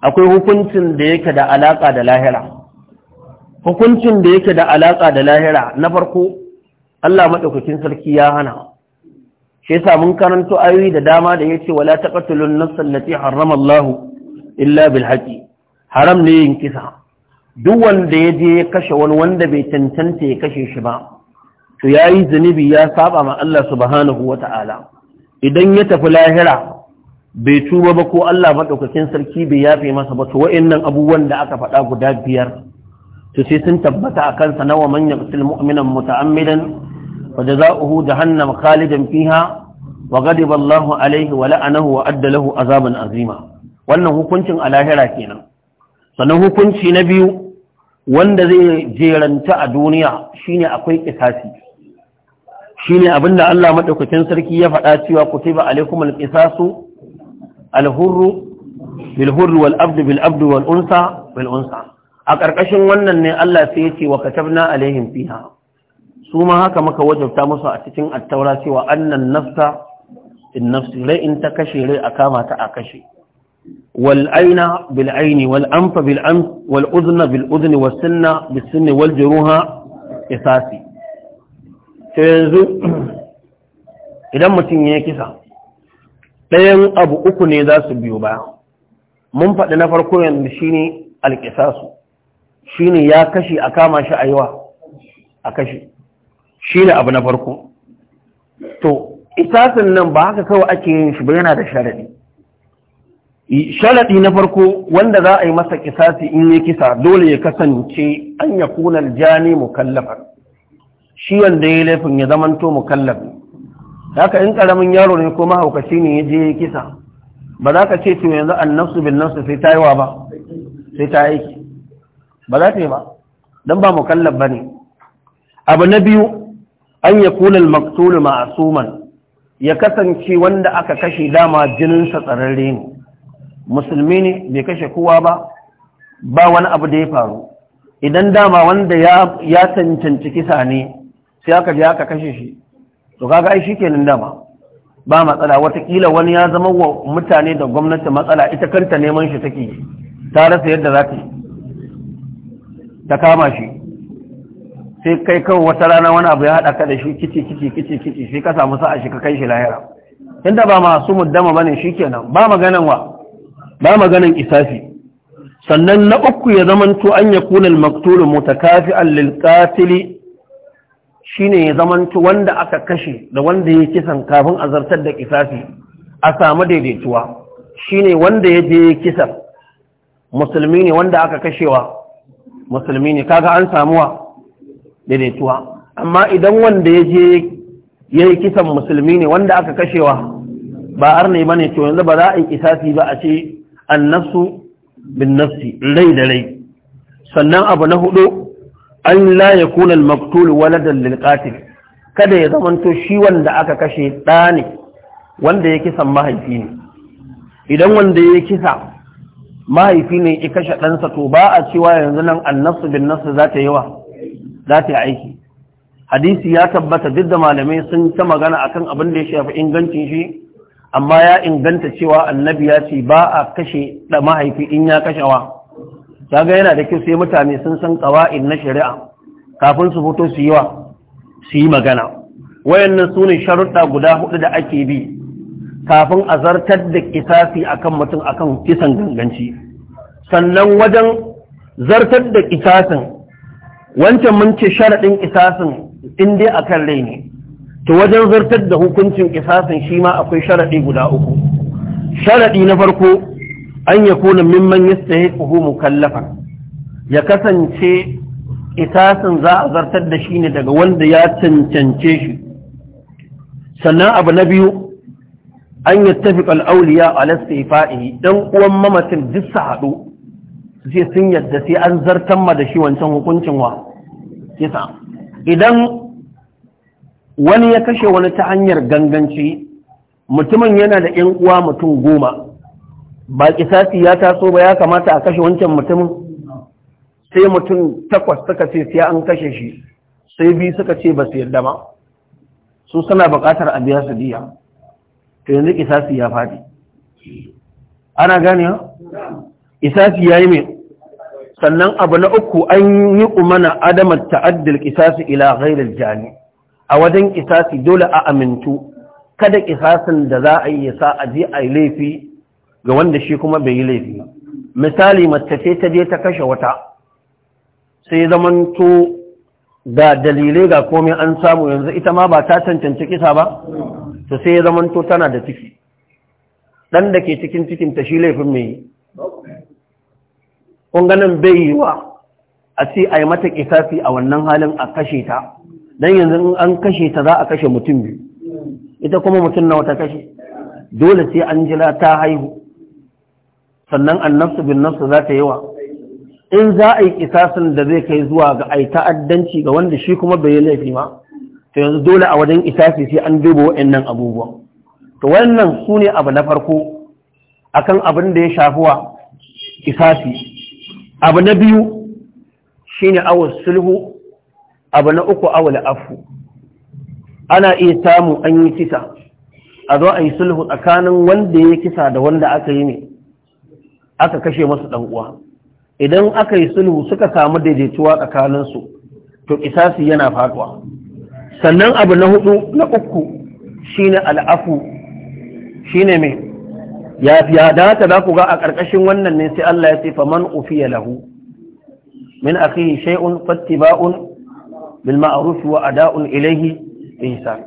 akwai hukuncin da yake da alaƙa da lahira hukuncin da yake da alaƙa da lahira na farko Allah maɗaukakin sarki ya hana shi yasa mun karanto ayoyi da dama da yace wala taqtulun nafsan lati harrama Allah illa bil haqi haram ne yin kisa duk wanda ya je ya kashe wani wanda bai cancanta ya kashe shi ba to yayi zunubi ya saba ma Allah subhanahu wata'ala idan ya tafi lahira bai tuba ba ko Allah madaukakin sarki bai yafe masa ba to wa'annan abubuwan da aka faɗa guda biyar to sai sun tabbata a kansa nawa man yaqtul mu'minan muta'ammidan فجزاؤه جهنم خالدا فيها وغضب الله عليه ولعنه وأدى له عذابا عظيما wannan hukuncin a lahira kenan sannan hukunci na biyu wanda zai jeranta a duniya shine akwai kisasi shine abinda Allah madaukakin sarki ya faɗa cewa kutiba alaikum alqisasu alhurru bilhurru wal abdu bil abdu wal unsa bil unsa a ƙarƙashin wannan ne Allah sai ya ce wa katabna alaihim fiha su ma haka maka wajabta musu a cikin attaura cewa annan nafsa in nafsi rai in ta kashe rai a kama ta a kashe wal aina bil aini wal anfa bil anf wal udhna bil udhni was sinna bis sinni wal juruha qisasi to yanzu idan mutum ya kisa ɗayan abu uku ne za su biyo baya mun faɗi na farko yanzu shine alƙisasu shine ya kashe a kama shi a yawa a kashe shi ne abu na farko to isasin nan ba haka kawai ake yin shi ba yana da sharaɗi sharaɗi na farko wanda za a yi masa kisasi in yi kisa dole ya kasance an ya kunar jani mukallafar shi wanda ya laifin ya zamanto mukallafi haka in ƙaramin yaro ne ko mahaukaci ne ya je ya kisa ba za ka ce to yanzu an nafsu bin nafsu sai ta yi wa ba sai ta aiki ba za ta yi ba don ba mukallaf ba ne abu na biyu an ya Maktuluma maktulu suman, ya kasance wanda aka kashe dama jininsa tsararre ne musulmi ne bai kashe kowa ba ba wani abu da ya faru idan dama wanda ya cancanci kisa ne sai aka je aka kashe shi to kaga ai shikenan dama ba matsala watakila wani ya zama wa mutane da gwamnati matsala ita kanta neman shi take ta rasa yadda za ta kama shi sai kai kawai wata rana wani abu ya haɗa ka da shi kici kici kici kici sai ka samu sa'a shi ka kai shi lahira tunda ba masu muddama bane kenan ba maganan wa ba maganan isafi sannan na uku ya zamanto an ya kuna al-maktul mutakafi'an lil qatil shine ya to wanda aka kashe da wanda ya kisan kafin azartar da kisasi a samu daidaituwa shine wanda ya je kisan musulmi ne wanda aka kashewa musulmi ne kaga an samuwa daidaituwa amma idan wanda ya je ya yi kisan musulmi ne wanda aka kashewa ba arne ba ne to yanzu ba za a yi kisasi ba a ce annasu bin nafsi rai da rai sannan abu na hudu an la ya kuna maktul waladan lil qatil kada ya zamanto shi wanda aka kashe ɗa ne wanda ya kisan mahaifi ne idan wanda ya kisa mahaifi ne ya kashe ɗansa to ba a cewa yanzu nan annasu bin nafsi za ta yi wa za ta yi aiki hadisi ya tabbata duk da malamai sun ta magana akan abin da ya shafi ingancin shi amma ya inganta cewa annabi ya ce ba a kashe da mahaifi in ya kashewa kaga yana da kyau sai mutane sun san ƙawa'in na shari'a kafin su fito su yi su yi magana wayannan su ne sharuɗa guda huɗu da ake bi kafin a zartar da kisasi akan mutum akan kisan ganganci sannan wajen zartar da kisasin wancan mun ce sharaɗin kisasin in dai akan rai ne to wajen zartar da hukuncin kisasin shi ma akwai sharaɗi guda uku sharaɗi na farko an ya kuna mimman mu mukallafan ya kasance kisasin za a zartar da shi ne daga wanda ya cancance shi sannan abu na biyu an tafi al a ala istifa'ihi ɗan uwan mamacin duk haɗo. haɗu Zai sin sun yadda sai an zartan ma da shi wancan hukuncin wa kisa idan wani ya kashe wani ta hanyar ganganci mutumin yana da ‘yan uwa mutum goma ba kisasi ya taso ba ya kamata a kashe wancan mutumin sai mutum takwas suka ce sai an kashe shi sai biyu suka ce ba su yarda ba su suna buƙatar a biya su diya to yanzu kisasi ya faɗi ana gane ya yi mai sannan abu na uku an yi umana adamar ta'addil kisasi ila ghairil jani a wajen kisasi dole a amintu kada kisasin da za a yi sa a je a yi laifi ga wanda shi kuma bai yi laifi misali mace ce ta je ta kashe wata sai to da dalilai ga komai an samu yanzu ita ma ba ta cancanci kisa ba to sai to tana da ciki dan da ke cikin cikin ta shi laifin mai kun ganin bai yi wa a ce a yi mata kisafi a wannan halin a kashe ta don yanzu in an kashe ta za a kashe mutum biyu ita kuma mutum na wata kashe dole sai an jira ta haihu sannan nafsu bin nafsu za ta yi wa in za a yi kisasin da zai kai zuwa ga ai ta'addanci ga wanda shi kuma bai yi laifi ba to yanzu dole a wajen kisafi sai an duba wa'annan abubuwan to wannan su ne abu na farko akan abin da ya shafi wa kisafi. abu na biyu shine awul sulhu abu na uku awul afu ana iya samu an yi kisa a zo a yi sulhu tsakanin wanda ya kisa da wanda aka yi ne aka kashe masa dan uwa idan aka yi sulhu suka samu daidaituwa tsakaninsu to kisasi yana faduwa sannan abu na hudu na uku shi ne al'afu shi ne mai ya fiya za ku ga a ƙarƙashin wannan ne sai Allah ya ce faman ufiya lahu min akhihi shay'un fattiba'un bil ma'ruf wa ada'un ilayhi ihsan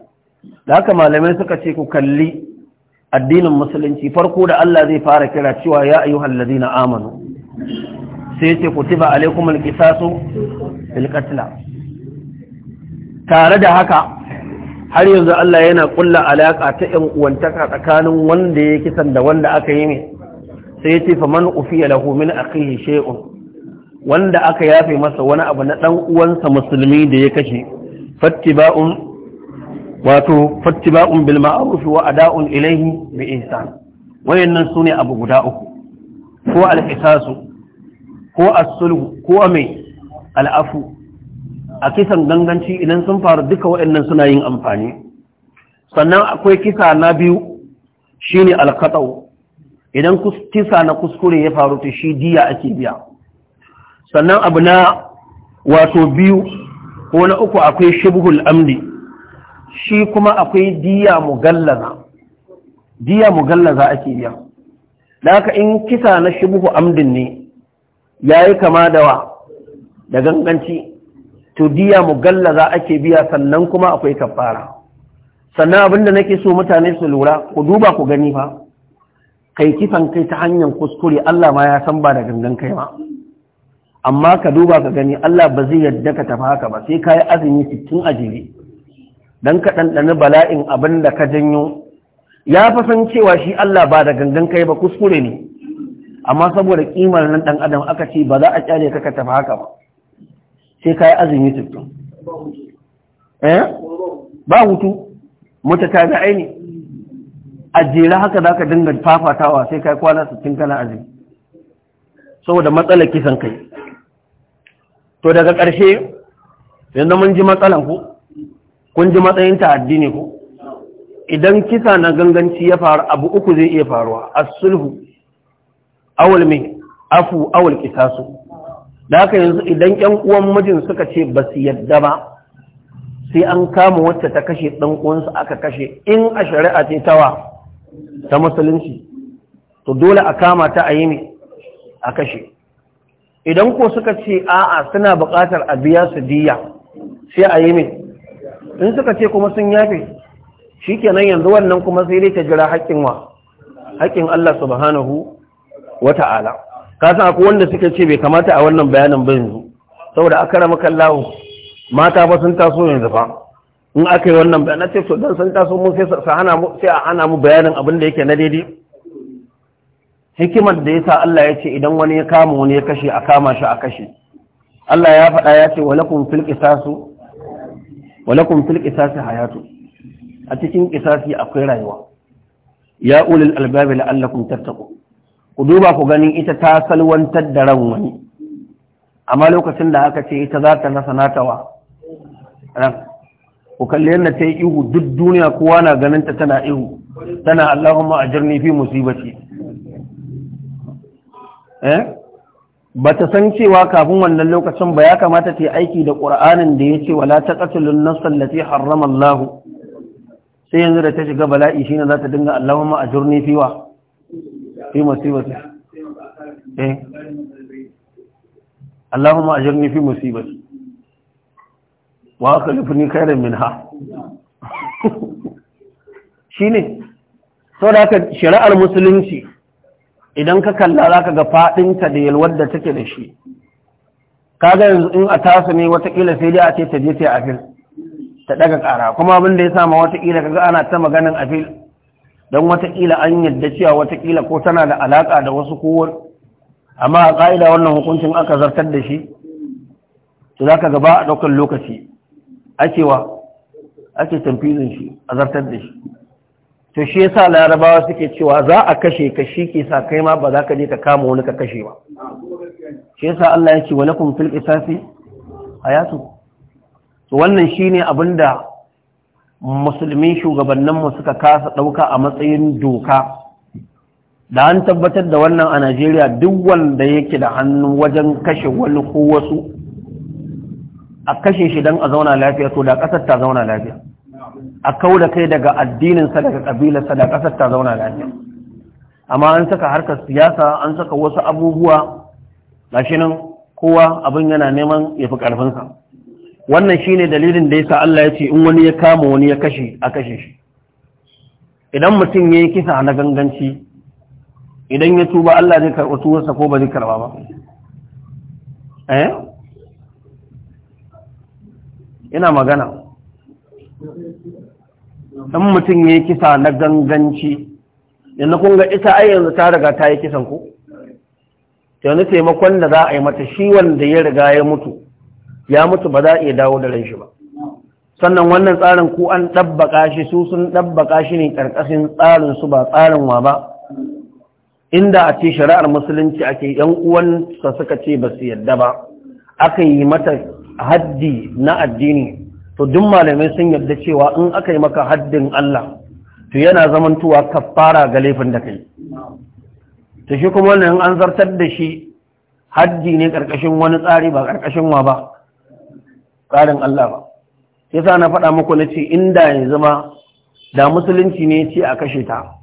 da haka malamai suka ce ku kalli addinin musulunci farko da Allah zai fara kira cewa ya ayyuhal ladina amanu sai ce kutiba alaikumul qisasu bil qatl tare da haka har yanzu Allah yana kulla alaka ta ƴan uwantaka tsakanin wanda ya kisan da wanda aka yi ne sai ya ce fa man ufiya lahu min akhihi shay'un wanda aka yafe masa wani abu na dan uwansa musulmi da ya kashe fattiba'un wato fattiba'un bil ma'ruf wa ada'un ilayhi bi ihsan wayannan sune abu guda uku ko al ihsasu ko as-sulhu ko mai al-afu a kisan ganganci idan sun faru duka waɗannan suna yin amfani sannan akwai kisa na biyu shine alkatau idan kisa na kuskure ya faru ta shi diya ake biya sannan abu na wato biyu ko na uku akwai shibhul amdi shi kuma akwai diya mugallaza diya mugallaza ake biya da haka in kisa na shibhu amdin ne yayi kama da wa da ganganci to diya mugallaza ake biya sannan kuma akwai kafara sannan abin abinda nake so mutane su lura ku duba ku gani fa kai kisan kai ta hanyar kuskure Allah ma ya san ba da gangan kai ba. amma ka duba ka gani Allah ba zai yadda ka tafi haka ba sai ka yi azumi cikin a dan ka ɗanɗani bala'in abin da ka janyo ya fa san cewa shi Allah ba da gangan kai ba kuskure ne amma saboda kimar nan ɗan adam aka ce ba za a kyale ka ka tafi haka ba sai ka yi azumi tuttun eh? ba hutu mata ta ga aini a jera haka za ka dinga fafatawa sai ka yi kwana sittin kana azumi saboda matsalar kisan kai to daga ƙarshe yadda mun ji matsalan ku kun ji matsayin ta addini ku idan kisa na ganganci ya faru abu uku zai iya faruwa as-sulhu awal mai afu awal su. da haka yanzu idan ƴan uwan mijin suka ce ba su yadda ba sai an kama wacce ta kashe ɗan uwansa aka kashe in a shari'a ce tawa ta musulunci to dole a kama ta a yi ne a kashe idan ko suka ce a'a suna buƙatar a biya su diya sai a yi ne in suka ce kuma sun yafe shi kenan yanzu wannan kuma sai dai ta jira haƙƙin wa haƙƙin Allah subhanahu wa ta'ala ka san akwai wanda suka ce bai kamata a wannan bayanin ba yanzu saboda akara makallahu mata ba sun taso yanzu ba. in aka yi wannan bayanin ce to dan sun taso mun sai sa hana mu sai a hana mu bayanin abin da yake na daidai hikimar da yasa Allah ya ce idan wani ya kama wani ya kashe a kama shi a kashe Allah ya faɗa ya ce walakum fil qisasu walakum fil qisasi hayatu a cikin qisasi akwai rayuwa ya ulil albabi la'allakum tattaqun ku duba ku ganin ita ta salwantar da ran wani amma lokacin da aka ce ita za ta rasa natawa ran ku kalli yadda ta yi ihu duk duniya kowa na ganin ta tana ihu tana Allahumma jirni fi musibaci eh ba ta san cewa kafin wannan lokacin ba ya kamata ta yi aiki da ƙura'anin da ya la wala taqtulun na allati harrama Allah sai yanzu da ta shiga bala'i shine za ta dinga Allahumma a fi wa في مصيبتي إيه اللهم أجرني في مصيبتي وأخلفني خيرا منها shine sau da aka shari'ar musulunci idan ka kalla za ka ga faɗinta da yalwar da take da shi kaga yanzu in a tasa ne watakila sai dai a ce ta je ta afil ta daga ƙara kuma abin da ya sama watakila kaga ana ta maganin afil don watakila an yadda cewa watakila ko tana da alaka da wasu kowar amma a ƙa'ida wannan hukuncin aka zartar da shi to za ka gaba a ɗaukar lokaci akewa ake tamfizin shi a zartar da shi to shi yasa larabawa suke cewa za a kashe ka shi ke sa kai ma ba za ka je ka kama wani ka kashe ba shi yasa Allah ya ce wa lakum fil qisasi ayatu to wannan shine abinda musulmi shugabanninmu suka kasa ɗauka a matsayin doka da an tabbatar da wannan a najeriya duk wanda yake da hannu wajen kashe wani ko wasu a kashe shi don a zauna lafiya to da ƙasar ta zauna lafiya a kau da kai daga addininsa daga ƙabilarsa da ƙasar ta zauna lafiya amma an saka harkar siyasa an saka wasu abubuwa gashi nan kowa abin yana neman ya fi ƙarfinsa wannan shi ne dalilin da ya sa Allah ya ce in wani ya kama wani ya kashe a kashe shi idan mutum ya yi kisa na ganganci idan ya tuba Allah zai karɓi tuwarsa ko ba zai karɓa ba eh ina magana dan mutum ya yi kisa na ganganci yanzu kun ga ita ai yanzu ta riga ta yi kisan ku yanzu taimakon da za a yi mata shi wanda ya riga ya mutu ya mutu ba za a iya dawo da ranshi ba sannan wannan tsarin ku an ɗabbaka shi su sun ɗabbaka shi ne ƙarƙashin tsarin su ba tsarin wa ba inda a ce shari'ar musulunci ake yan sa suka ce ba su yadda ba aka yi mata haddi na addini to duk malamai sun yarda cewa in aka yi maka haddin Allah to yana zamantuwa kafara ga laifin da kai to shi kuma wannan an zartar da shi haddi ne ƙarƙashin wani tsari ba ƙarƙashin wa ba tsarin Allah ba yasa na faɗa muku na ce inda yanzu ma da musulunci ne ce a kashe ta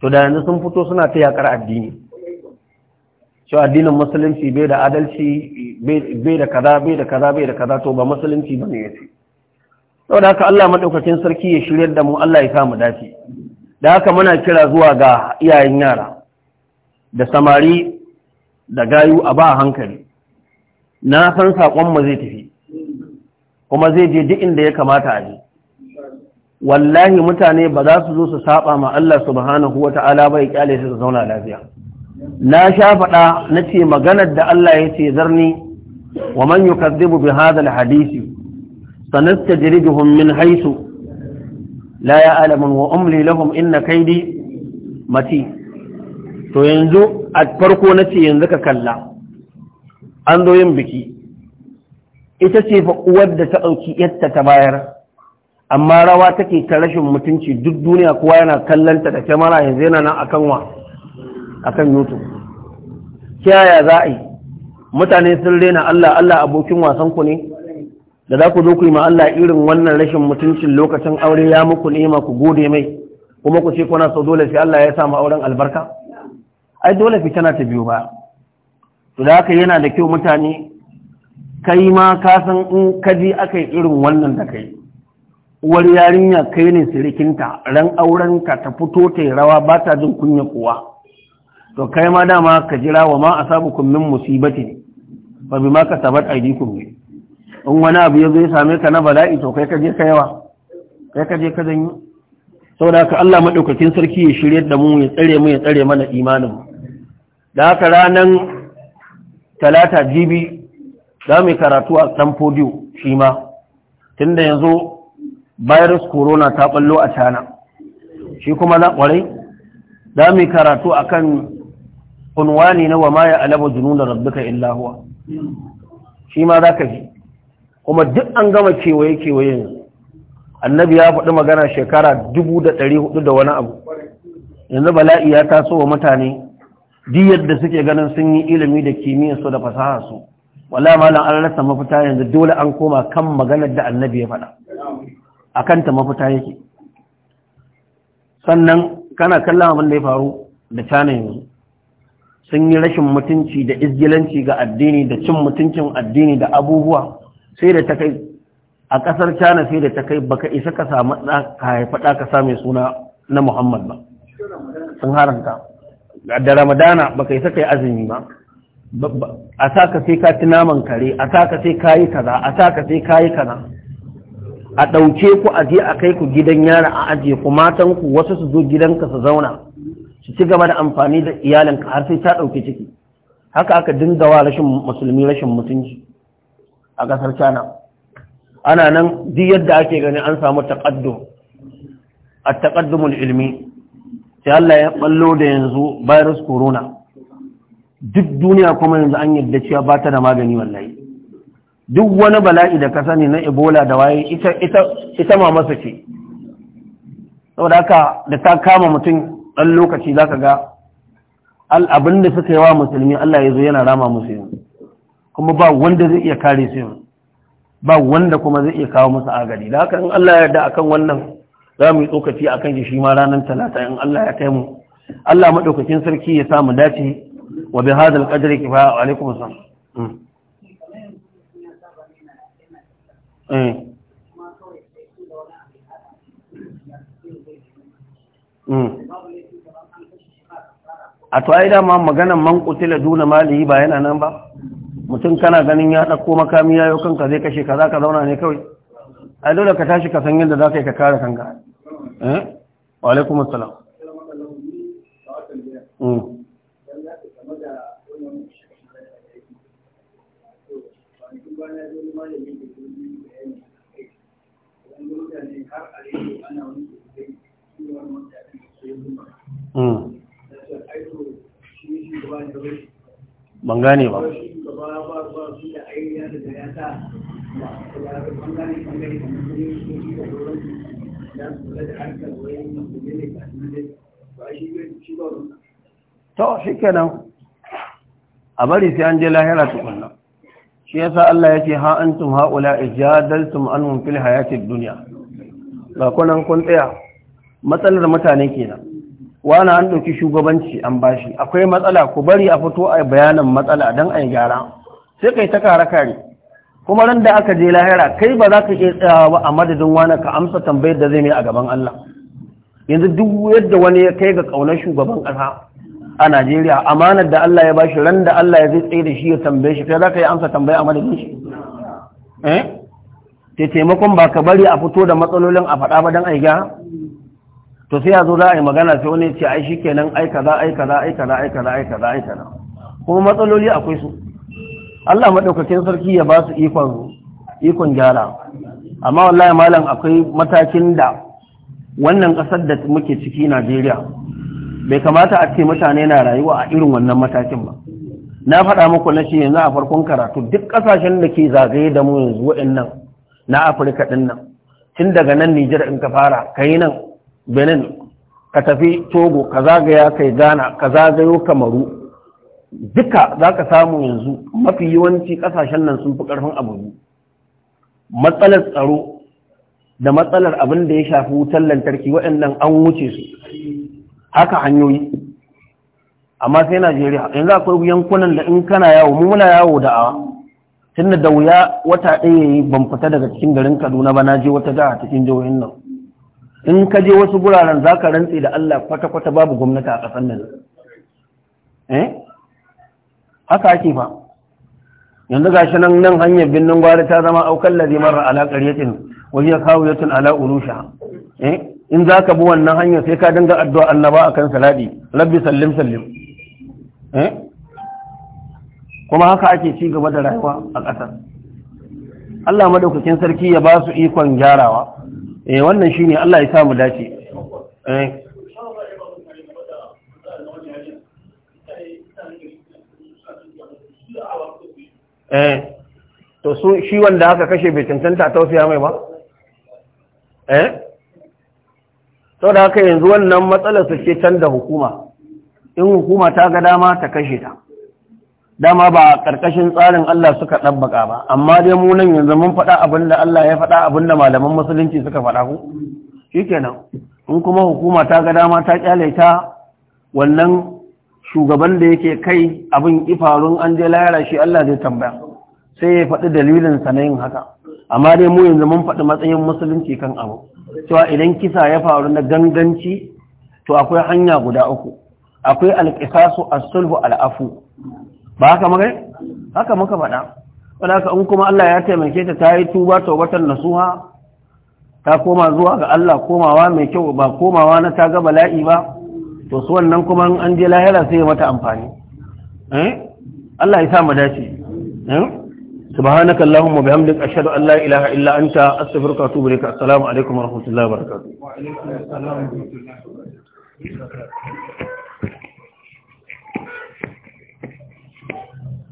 to da yanzu sun fito suna ta yakar addini cewa addinin musulunci bai da adalci bai da kaza bai da kaza bai da kaza to ba musulunci ba ne ya ce da haka Allah maɗaukacin sarki ya shirya da mu Allah ya samu dace da haka muna kira zuwa ga iyayen yara da samari da gayu a ba hankali na san sakon mu zai tafi kuma zai je duk inda ya kamata a je wallahi mutane ba za su zo su saba ma Allah subhanahu wata'ala ba ya kyale su zauna lafiya na sha faɗa na ce maganar da Allah ya ce zarni wa man yukazzibu bi hadha alhadisi sanastajriduhum min haythu la ya'lamun wa umli lahum inna kaydi mati to yanzu a farko na ce yanzu ka kalla an zo yin biki ita ce fa uwar da ta ɗauki yadda ta bayar amma rawa take ta rashin mutunci duk duniya kowa yana kallanta da kyamara yanzu yana nan akan wa akan youtube yaya za a yi mutane sun rena Allah Allah abokin wasan ku ne da za ku zo ku yi ma Allah irin wannan rashin mutuncin lokacin aure ya muku ne ma ku gode mai kuma ku ce kuna so dole sai Allah ya samu auren albarka ai dole fi tana ta biyu ba to da haka yana da kyau mutane kai ma ka san in kaji aka yi irin wannan da kai uwar yarinya kai ne sirikinta ran aurenka ta fito ta rawa ba ta jin kunya kuwa to kai ma dama ka jira wa ma asabukum min musibati ba bi ma ka sabat aidikum ne in wani abu ya zo ya same ka na bala'i to kai ka je kaiwa kai ka je ka janyo saboda ka Allah madaukakin sarki ya shirye da mu ya tsare mu ya tsare mana imanin mu da haka ranan talata jibi za mu yi karatu a ɗan fodiyo shi ma tunda yanzu virus corona ta ballo a cana shi kuma na kwarai za mu yi karatu a kan unwani na wa maya alaba junun da rabbuka illahuwa shi ma za ka fi. kuma duk an gama kewaye kewaye yanzu annabi ya faɗi magana shekara dubu da dari hudu da wani abu yanzu bala'i ya taso wa mutane duk yadda suke ganin sun yi ilimi da su da fasaha su wala malam an rasa mafita yanzu dole an koma kan maganar da annabi ya faɗa a kanta mafita yake sannan kana kallon abin da ya faru da cana yanzu sun yi rashin mutunci da izgilanci ga addini da cin mutuncin addini da abubuwa sai da ta kai a ƙasar cana sai da ta kai baka isa ka samu ka haifa ɗa ka same suna na muhammad ba sun haranta da ramadana baka isa kai azumi ba a sa ka sai ka ci naman kare a sa ka sai ka yi kaza a sa ka sai ka yi kaza a ɗauke ku a je a kai ku gidan yara a ajiye ku matan ku wasu su zo gidanka su zauna su ci gaba da amfani da iyalinka har sai ta ɗauke ciki haka aka dinga wa rashin musulmi rashin mutunci a ƙasar China ana nan duk yadda ake gani an samu taqaddum at-taqaddumul ilmi sai Allah ya ballo da yanzu virus corona duk duniya kuma yanzu an yarda cewa ba ta da magani wallahi duk wani bala'i da ka sani na ebola da waye ita ita ita ma masa ce saboda haka da ta kama mutum dan lokaci za ka ga abin da suka yi wa musulmi Allah ya zo yana rama musu yanzu kuma ba wanda zai iya kare su yanzu ba wanda kuma zai iya kawo musu agari da haka in Allah ya yarda akan wannan za mu yi tsokaci akan shi ma ranar talata in Allah ya kai mu Allah madaukakin sarki ya samu dace wa bi hadha al-qadri kifaya wa alaikum hmm. eh. hmm. a to ai dama maganan man kutila duna malihi ba yana nan ba mutum kana ganin ya dauko makami yayo kanka zai kashe ka zaka zauna ne kawai ai dole ka tashi ka san yadda zaka yi ka kare kanka eh wa alaikum assalam mm ban gane ba ta shi kenan a bari sai an je lahira tukunna shi yasa Allah ya ce ha antum haula ijadaltum anhum fil hayatid dunya ga kunan kun tsaya matsalar mutane kenan wani an ɗauki shugabanci an bashi akwai matsala ku bari a fito a bayanin matsala don a yi gyara sai kai ta kare kare kuma ran da aka je lahira kai ba za ka iya tsayawa ba a madadin wani ka amsa tambayar da zai ne a gaban Allah yanzu duk yadda wani ya kai ga ƙaunar shugaban ƙasa a Najeriya amanar da Allah ya bashi ran da Allah ya zai tsaye da shi ya tambaye shi kai za ka yi amsa tambaya a madadin shi eh ta taimakon ba ka bari a fito da matsalolin a faɗa ba don aiga to sai ya zo za a yi magana sai wani ce ai shi ai kaza ai kaza ai kaza ai kaza ai kaza ai kaza kuma matsaloli akwai su Allah maɗaukakin sarki ya ba su ikon ikon gyara amma wallahi malam akwai matakin da wannan ƙasar da muke ciki Najeriya bai kamata a ce mutane na rayuwa a irin wannan matakin ba na faɗa muku na shi yanzu a farkon karatu duk ƙasashen da ke zagaye da mu yanzu waɗannan na afirka ɗin nan tun daga nan nijar in ka fara ka yi nan benin ka tafi togo ka zagaya kai ghana ka zagayo kamaru duka za ka samu yanzu mafi yawanci ƙasashen nan sun fi ƙarfin abu matsalar tsaro da matsalar abin da ya shafi wutar lantarki waɗannan an wuce su haka hanyoyi amma sai najeriya yanzu akwai yankunan da in kana yawo mu muna yawo da awa tunda da wuya wata ɗaya yi ban fita daga cikin garin kaduna ba na je wata jiha cikin jihohin nan in ka je wasu guraren za ka rantse da allah kwata-kwata babu gwamnati a ƙasar nan eh haka ake fa yanzu ga nan nan hanyar birnin gwari ta zama aukan lazi mara ala ƙaryatin wajen ya kawo yatun ala urusha eh in za ka bi wannan hanyar sai ka dinga addu'a annaba akan saladi rabbi sallim sallim eh kuma haka ake ci gaba da rayuwa a ƙasar Allah madaukakin sarki ya ba su ikon gyarawa eh wannan shi ne. Allah ya samu dace eh. eh to su shi wanda aka kashe bai cancanta wasu mai ba eh to da haka yanzu wannan matsalar su can da hukuma in hukuma ta ga dama ta kashe ta dama ba a ƙarƙashin tsarin Allah suka ɗabbaka ba amma dai mu nan yanzu mun faɗa abin da Allah ya faɗa abin da malaman musulunci suka faɗa ku shikenan in kuma hukuma ta ga dama ta kyale ta wannan shugaban da yake kai abin ifarun an je layara shi Allah zai tambaya sai ya faɗi dalilin sa na yin haka amma dai mu yanzu mun faɗi matsayin musulunci kan abu cewa idan kisa ya faru na ganganci to akwai hanya guda uku akwai alƙisasu as-sulhu al-afu ba haka muka haka muka faɗa wadaka in kuma Allah ya taimake ta ta yi tuba taubatan nasuha ta koma zuwa ga Allah komawa mai kyau ba komawa na ta ga bala'i ba to su wannan kuma an je lahira sai mata amfani eh Allah ya sa mu dace eh سبحانك اللهم وبحمدك أشهد أن لا إله إلا أنت أستغفرك وأتوب إليك السلام عليكم ورحمة الله وبركاته وعليكم السلام ورحمة الله وبركاته